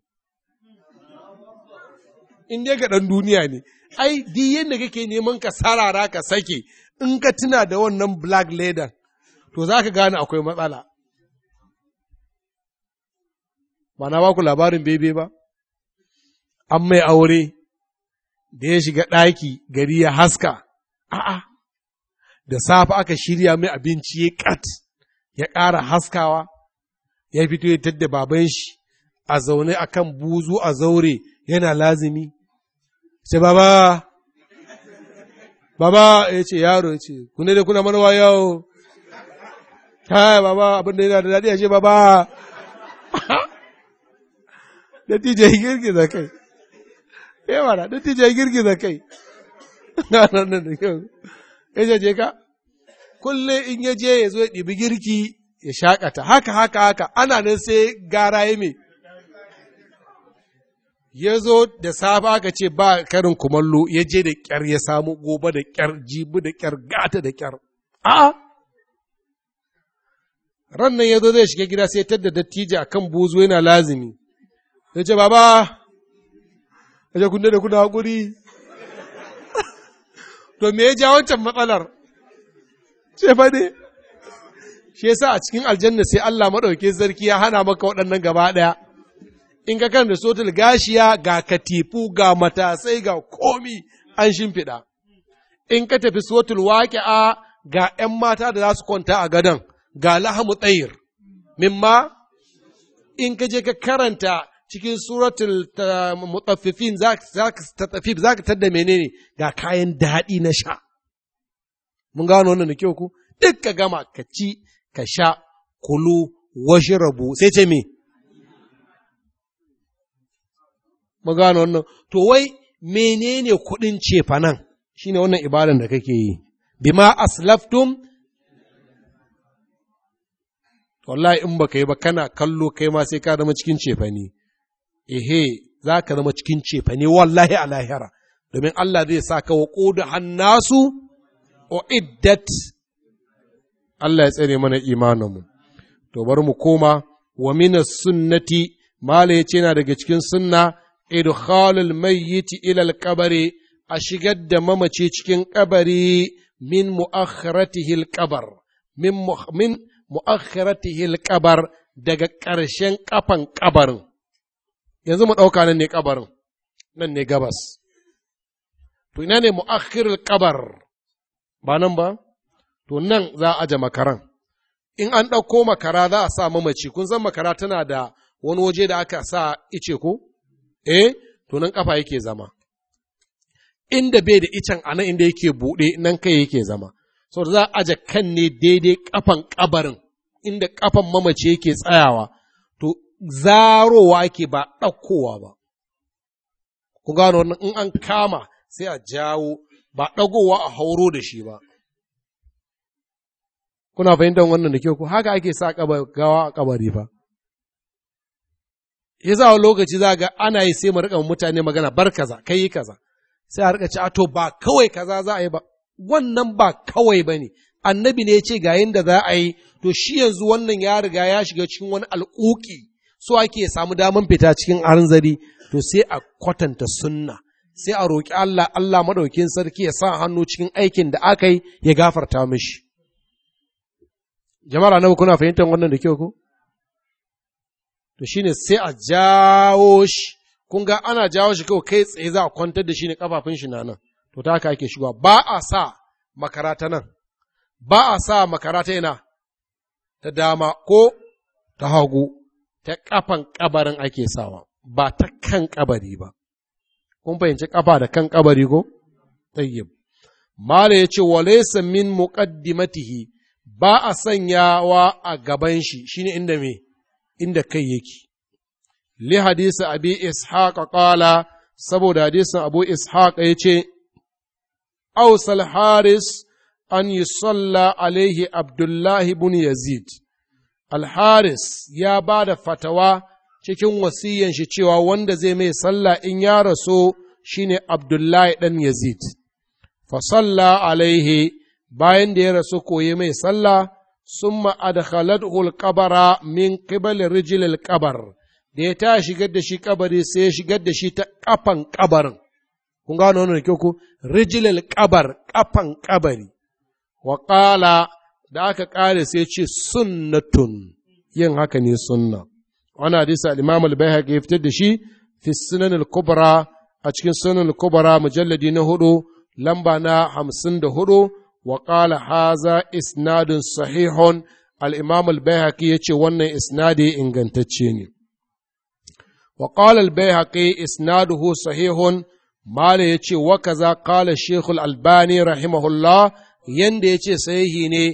In dai ga ɗan duniya ne, ai, di yadda kake neman ka sarara ka sake in ka tuna da wannan black leather, to za ka gane akwai matsala. Ba na ba labarin bebe ba, an mai aure da ya shiga ɗaki gari ya haska, a'a, da safe aka shirya mai abinci ya ƙat. ya ƙara haskawa, ya fito ya tadda baban shi a zaune a kan buzu a zaure yana lazimi, sai baba, baba ya ce yaro ya ce, kune da kuna manawa yau, kai baba abinda yana da daɗi ya ce baba, da girgi da kai, yawa eh na girgi da kai, na nan da kyau, ya ce ka? kullum in ya je ya zo ya ɗibi girki ya shakata haka haka haka ana nan sai gara ya me ya zo da safe aka ce ba karin kumallo ya je da ƙyar ya samu gobe da ƙyar jibi da ƙyar gata da ƙyar a'a ran ya zo zai shiga gida sai ya tadda dattijo a kan buzu yana lazimi ya ce baba ya ce kunne da kuna haƙuri to me ya ja wancan matsalar ce faɗi shi yasa a cikin aljanna sai Allah madauke zarki ya hana maka waɗannan gaba ɗaya in ka kan da sotul gashiya ga katifu ga matasai ga komi an shimfiɗa in ka tafi sotul waƙi'a ga ‘yan mata da za su kwanta a gadon ga lahamu tsayir mimma in ka je ka karanta cikin suratul mutaffifin za ka tadda menene ga kayan daɗi na sha Mun gano wannan da kyau ku? Duk ka gama ka ci, ka sha, kulu, washi rabu, sai ce me? Mun gano wannan. To wai menene kuɗin cefanen Shi ne wannan ibadan da kake yi. Bima aslaftum wallahi in baka yi ba kana kallo kai ma sai ka zama cikin cefani. ehe za ka zama cikin cefane wallahi a lahira domin Allah zai sa ka wa ƙoda hannasu uiddat Allah ya tsare mana imaninmu to bari mu koma wa mina sunnati mala yace yana daga cikin sunna idkhalul mayyiti ila al a shigar da mamaci cikin kabari min mu'akhiratihi al min min mu'akhiratihi al daga ƙarshen kafan kabarin yanzu mu ɗauka nan ne kabarin nan ne gabas to ina ne mu'akhirul kabar ba nan ba, to nan za a aje makaran. In an ɗauko makara za a sa mamaci, kun san makara tana da wani waje da aka sa ice ko? Eh, to nan ƙafa yake zama. Inda bai da icen a nan inda yake buɗe nan kai yake zama. So za a aje kan ne daidai ƙafan ƙabarin, inda ƙafan mamaci yake tsayawa, to zarowa ke ba ɗaukowa ba. Ku gano in an kama sai a jawo ba ɗagowa a hauro da shi ba. Kuna fahimtar wannan da kyau ku haka ake sa gawa a kabari fa. za wani lokaci za ga ana yi sai mu mutane magana bar kaza, kai yi kaza. Sai a riƙa ci to ba kawai kaza za a yi ba, wannan ba kawai ba ne. Annabi ne ya ce ga yadda za a yi, to shi yanzu wannan ya riga ya shiga cikin wani al'uki, so ake samu daman fita cikin arzari, to sai a kwatanta sunna. sai a roƙi Allah Allah maɗaukin sarki ya sa hannu cikin aikin da aka yi ya gafarta mishi jama'a nawa kuna fahimtar wannan da kyau ko to shine sai a jawo shi kun ga ana jawo shi kawai kai tsaye za a kwantar da shi ne kafafun shi na nan to ta haka ake shigowa ba a sa makara ta nan ba a sa makara ta ina ta dama ko ta hagu ta ƙafan ƙabarin ake sawa ba ta kan ƙabari ba kun fahimci kafa da kan kabari ko tayyib mala yace walaysa min muqaddimatihi ba a sanyawa a gaban shi shine inda me inda kai yake li hadisi abi ishaq qala saboda hadisin abu ishaq yace awsal haris an yusalla alaihi abdullahi ibn yazid al haris ya ba da fatawa cikin wasiyan shi cewa wanda zai mai sallah in ya rasu shine Abdullahi ɗan Yazid. Fa salla alaihi bayan da ya rasu koye mai sallah sun adkhalathu al min ƙibali rijilil ƙabar, da ya ta shigar da shi kabari sai ya shigar da shi ta kafan kabarin kun gano wani kyau ku, rijilil ƙabar ƙafan kafan wa ƙala da aka ƙare sai ce sunnatun yin haka ne sunna wani hadisi al-imam al ya fitar da shi fi sunan kubra a cikin sunan al-kubra mujalladi na hudu lamba na hamsin da hudu wa haza isnadun sahihun al-imam al-bayhaqi yace wannan isnadi ingantacce ne wa qala al-bayhaqi isnaduhu sahihun mala yace wa kaza qala shaykh albani rahimahullah yanda ce sahihi ne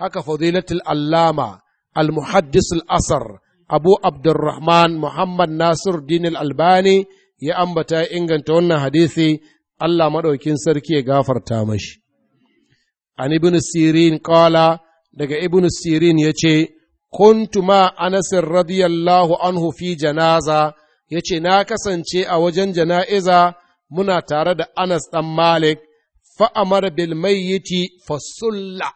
haka fadilatul allama al-muhaddis al abu abdurrahman muhammad nasir dinil albani ya ambata ya inganta wannan hadisi allah maɗaukin sarki ya gafarta mashi an ibn sirin kala daga ibn sirin ya ce kuntu ma anasin radiyallahu anhu fi janaza ya ce na kasance a wajen jana'iza muna tare da anas ɗan malik fa'amar bil mayyiti fasulla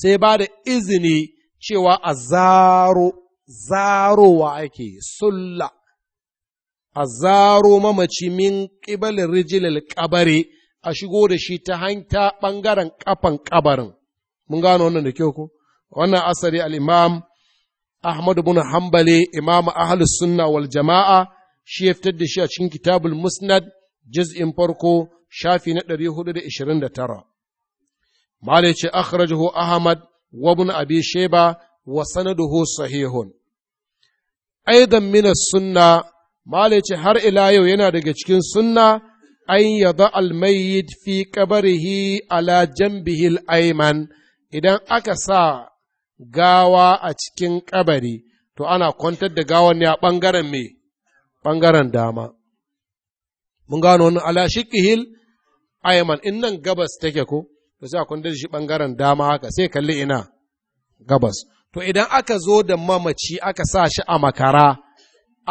sai ba da izini cewa a zaro zarowa ake sulla a zaro mamaci min ƙibalin rijilil ƙabare a shigo da shi ta hanta ɓangaren ƙafan ƙabarin. Mun gano wannan da kyau ko? Wannan asari al'imam Ahmadu bin Hambali, imam ahalus sunna wal jama'a, shi ya fitar da shi a cikin kitabul musnad juz'in farko shafi na 429. Malai ce akhrajahu Ahmad wa bin Abi Sheba, wa sanaduhu sahihun aidan min sunna malai har ila yau yana daga cikin sunna an yada almayyit fi kabarihi ala janbihi ayman idan aka sa gawa a cikin kabari to ana kwantar da gawan ne a ɓangaren me ɓangaren dama mun gano wannan ala shiqihil ayman in nan gabas take ko to sai a kwantar da shi ɓangaren dama haka sai kalli ina gabas to idan aka zo da mamaci aka sa shi a makara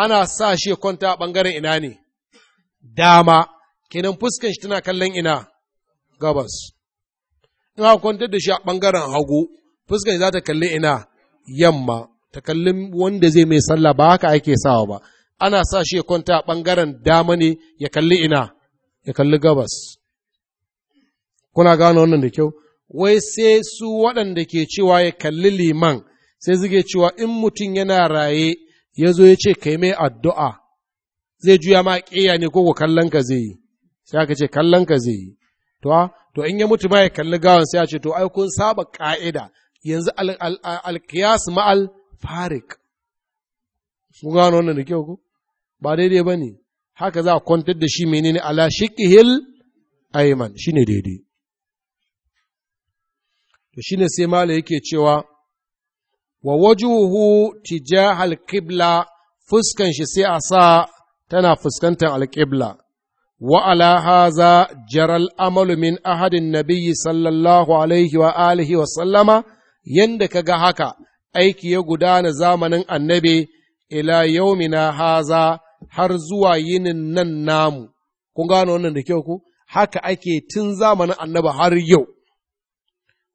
ana sa shi kwanta a ɓangaren ina ne dama kenan fuskan shi tana kallon ina gabas in aka kwantar da shi a ɓangaren hagu fuskan shi za ta kalli ina yamma ta kalli wanda zai mai sallah ba haka ake sawa ba ana sa shi kwanta a ɓangaren dama ne ya kalli ina ya kalli gabas kuna gano wannan da kyau wai sai su waɗanda ke cewa ya kalli liman sai suke cewa in mutum yana raye ya zo ya ce kai mai addu'a zai juya ma ƙiya ne ko kallon ka zai yi sai aka ce kallon ka zai yi to in ya mutu ma ya kalli gawan sai a ce to ai kun saba ƙa'ida yanzu alkiyas ma'al farik ku gano wannan da kyau ku ba daidai ba ne haka za a kwantar da shi menene ala shiqihil ayman shine daidai to shine sai mala yake cewa wa wajuhu tijahal qibla fuskan shi sai a sa tana fuskantar alƙibla wa ala haza jaral amalu min ahadin nabiyyi sallallahu alaihi wa alihi wa sallama yanda kaga haka aiki ya gudana zamanin annabi ila yaumina haza har zuwa yinin nan namu kun gano wannan da kyau ku haka ake tun zamanin annabi har yau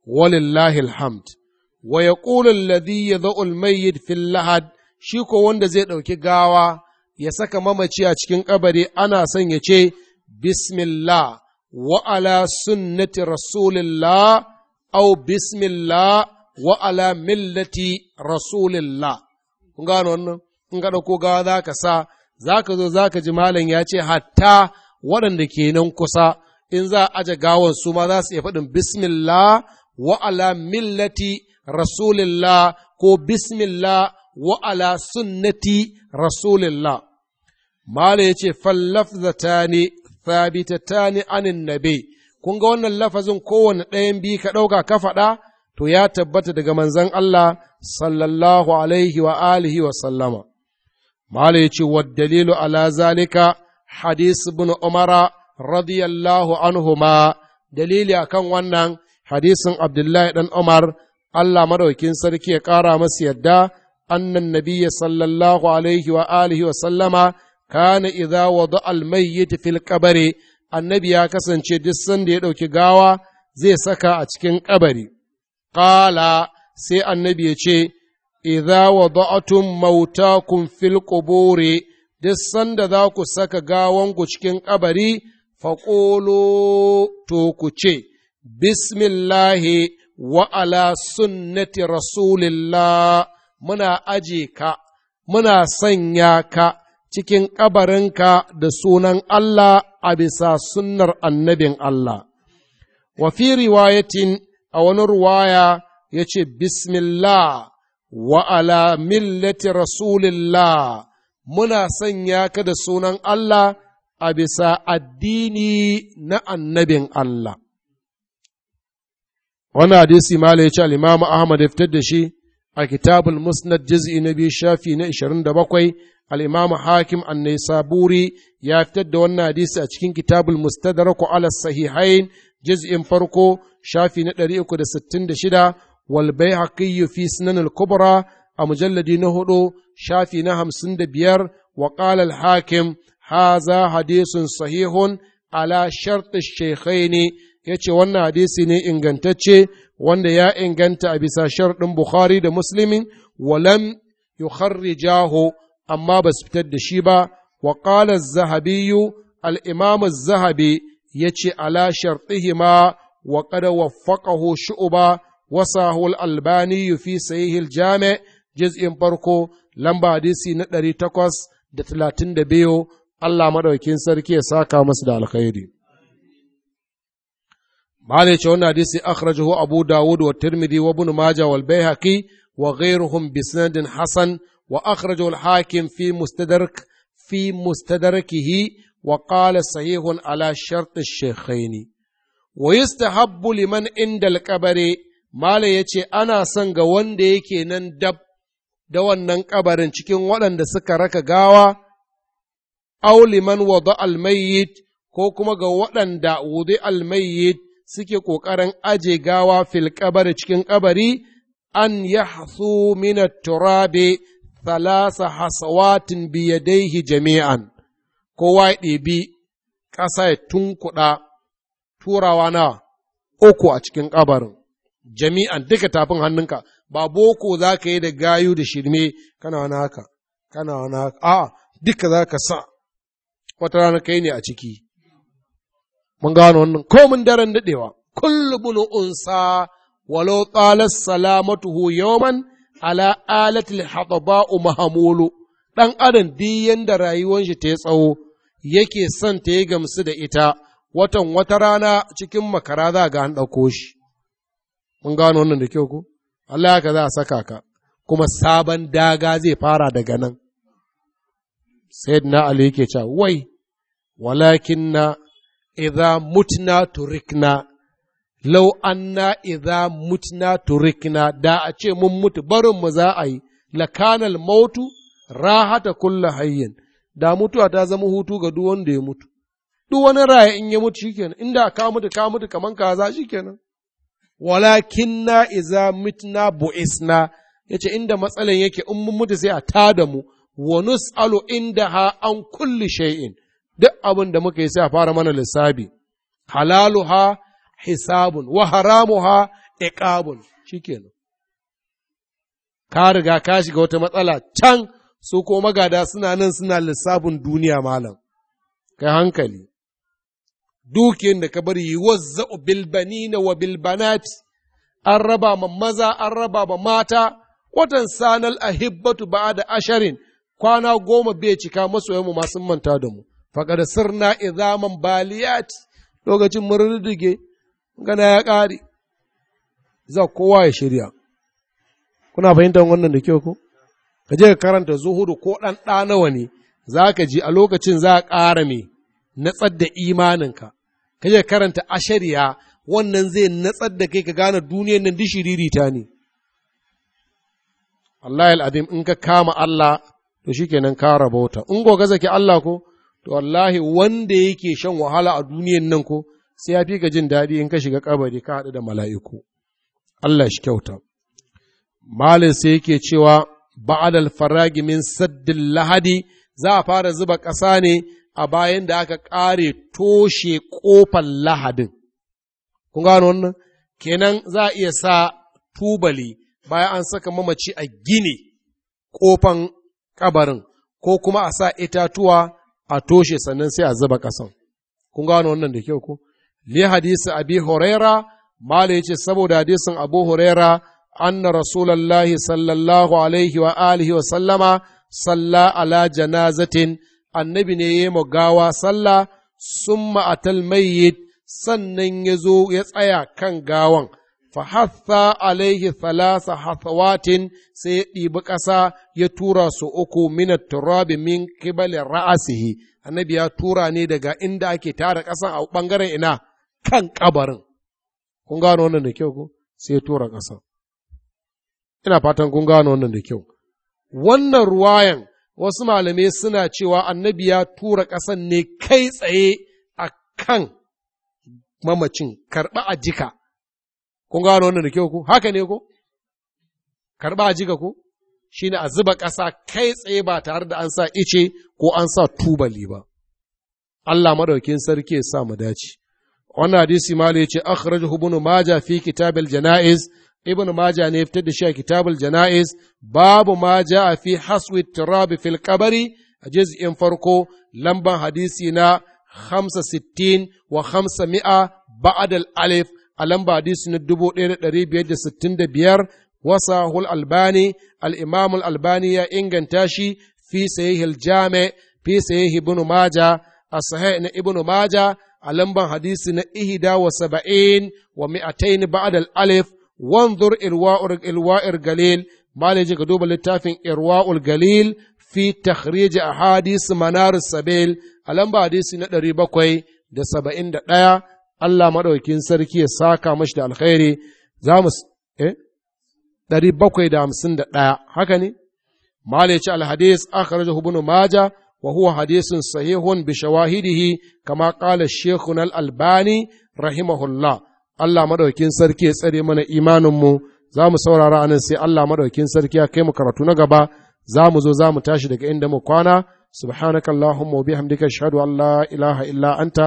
walillahi alhamd wa yaqulu alladhi yad'u almayyit fil lahad shi ko wanda zai ɗauki gawa ya saka mamaci a cikin ƙabari, ana son ya ce bismillah wa ala sunnati rasulillah au bismillah wa ala rasulillah kun gano wannan in ka ɗauko za ka za ka zo za ka ji malam ya ce hatta waɗanda ke nan kusa in za aje gawan su ma za su iya faɗin bismillah wa ala millati rasulillah ko bismillah wa ala sunnati rasulillah mala yace fallafzatani thabitatani anin nabi kun ga wannan lafazin kowane ɗayan biyu ka ɗauka ka faɗa to ya tabbata daga manzon Allah sallallahu alaihi wa alihi wa sallama mala yace wa dalilu ala zalika hadis ibn umara radiyallahu anhuma dalili akan wannan hadisin Abdullahi ɗan Umar, Allah maɗaukin sarki ya ƙara masa yadda, annan Nabiya sallallahu alaihi wa alihi wa sallama, kana idza wada almayyit fil qabari annabi ya kasance duk sanda ya ɗauki gawa zai saka a cikin kabari qala sai annabi ya ce idza wada'tum mautakum fil quburi duk sanda za ku saka gawanku cikin kabari faqulu to ku ce bismillahi wa'ala ala sunnati rasulillah muna aje ka muna sanya ka cikin ƙabarinka da sunan Allah a bisa sunnar annabin Allah. Wa fi riwayatin a wani ruwaya ya ce, Bismillah wa ala millati Rasulillah, muna sanya ka da sunan Allah a bisa addini na annabin Allah. wani hadisi mala ya ce al'imamu ahmad ya fitar da shi a kitabul musnad jiz'i na biyu shafi na bakwai, al'imamu hakim annai saburi ya fitar da wannan hadisi a cikin kitabul mustadraku ala sahihain jiz'in farko shafi na 366 wal baihaqi fi sunan kubra a mujalladi na hudu shafi na biyar wa qala hakim haza hadithun sahihun ala shart ash-shaykhaini ya ce wannan hadisi ne ingantacce wanda ya inganta a bisa sharɗin Bukhari da Muslimin walam yukharrijahu amma ba su fitar da shi ba wa qala az-zahabiyyu al-imam az-zahabi yace ala shartihima wa qad waffaqahu shu'ba wa sahul albani fi sahih al-jami' juz'in farko lamba hadisi na biyu Allah madaukin sarki ya saka musu da alkhairi malai ce wannan hadisi akhrajahu abu dawud wa tirmidhi wa ibn majah wal baihaqi wa ghayruhum bi sanadin hasan wa akhrajahu al hakim fi mustadrak fi mustadrakihi wa qala sahihun ala shart al shaykhaini wa liman inda al qabri malai yace ana son ga wanda yake nan dab da wannan kabarin cikin waɗanda suka raka gawa aw liman wada al mayyit ko kuma ga waɗanda wudi al mayyit suke ƙoƙarin aje gawa fil kabari cikin kabari an ya hasu mina turabe thalasa hasawatin biyadaihi jami'an kowa ya ɗebi ƙasa ya tunkuɗa turawa na uku a cikin kabarin jami'an duka tafin hannunka ba boko za ka yi da gayu da shirme kana wani haka kana wani haka a duka za ka sa wata rana kai ne a ciki Mun gano wannan, ko mun daren daɗewa, kullu bunu unsa walau talas salamatuhu yawman ala alatil hataba'u mahamulu, ɗan adam bi da rayuwar shi ta tsawo, yake son ta yi gamsu da ita, watan wata rana cikin makara za ga an ɗauko shi. Mun gano wannan da kyau ko? Allah ka za a saka ka, kuma sabon daga zai fara daga nan. Sayyidina Ali yake cewa, wai, walakin na idza mutna turikna lau anna mutna turikna da a ce mun mutu barin mu za a yi lakanal mautu ta kulla hayyin da mutuwa ta zama hutu ga duk wanda ya mutu duk wani raya in ya mutu shikenan inda ka mutu ka mutu kaman kaza shikenan walakin na iza mitna bu'isna yace inda matsalan yake in mun mutu sai a tada mu wa nus'alu inda ha an kulli shay'in duk abin da muka yi sai a fara mana lissafi halaluha hisabun wa haramuha iqabun shikenan ka riga ka shiga wata matsala can su ko magada suna nan suna lissafin duniya malam kai hankali dukiyar da ka bari wazza bilbanina wa bilbanati an raba ma maza an raba ma mata watan sanal ahibbatu ba'a da asharin kwana goma bai cika masoyanmu masu manta da mu faƙar sirna izaman baliyat lokacin murdige gana ya ƙari za kowa ya shirya kuna fahimtar wannan da kyau ko ka je ka karanta zuhudu ko ɗan ɗanawa ne za ka ji a lokacin za a ƙara me natsar da imaninka ka je ka karanta ashariya wannan zai natsar da kai ka gane duniyar nan ta ne Allah al'adim in ka kama Allah to shi kenan ka rabauta in goga zaki Allah ko to wallahi wanda yake shan wahala a duniyan nan ko sai ya fi ka jin daɗi in ka shiga kabari ka haɗu da mala'iku Allah shi kyauta malin sai yake cewa ba'adal faragi min saddin lahadi za a fara zuba ƙasa ne a bayan da aka ƙare toshe ƙofar lahadin kun gano wannan kenan za a iya sa tubali bayan an saka mamaci a gini ƙofan ƙabarin, ko kuma a sa itatuwa a toshe sannan sai a zuba ƙasan kun gano wannan da kyau ko li hadisi abi huraira mala yace saboda hadisin abu huraira anna rasulullahi sallallahu alaihi wa alihi wa sallama salla ala janazatin annabi ne yayi mu gawa sallah summa atal mayyit sannan ya zo ya tsaya kan gawan fahatha alaihi thalatha hathawatin sai ya ɗibi ƙasa ya tura su uku min turabi min kibalin ra'asihi annabi ya tura ne daga inda ake tara ƙasan a ɓangaren ina kan kabarin kun gano wannan da kyau ko sai ya tura kasa? ina fatan kun gano wannan da kyau wannan ruwayan wasu malamai suna cewa annabi ya tura ƙasan ne kai tsaye a kan mamacin karɓa a jika Kun gano wannan da kyau ku? Haka ne ku? Karɓa a jika ku? Shi a zuba ƙasa kai tsaye ba tare da an sa ice ko an sa tubali ba. Allah madaukin sarki ya sa mu dace. Wannan hadisi ya ce akhrajahu ibn Majah fi kitabil janaiz ibn maja ne fitar da shi a kitabul janaiz babu maja a fi haswi turabi fil qabri a juz'in farko lamban hadisi na 65 wa 500 mi'a al alif a lamba hadisi na 1565 wasa hul albani al-imam al-albani ya inganta shi fi sahih al-jami fi sahih ibn maja a sahih na ibn maja a lamban hadisi na ihda wa saba'in wa mi'atain ba'd al-alif wanzur irwa'ur irwa'ir galil malai ji ka duba littafin irwa'ul galil fi takhrij ahadis manar sabil a lamba hadisi na 771 Allah maɗaukin sarki ya saka mashi da alkhairi za mu eh? ɗari bakwai da hamsin da ɗaya haka ne malici alhadis akhrajahu ibn maja wa huwa hadisun sahihun bi shawahidihi kama qala shaykhun al-albani rahimahullah Allah maɗaukin sarki ya tsare mana imanin mu za mu saurara anan sai Allah maɗaukin sarki ya kai mu karatu na gaba za mu zo za mu tashi daga inda mu kwana subhanakallahumma wa bihamdika ashhadu an la ilaha illa anta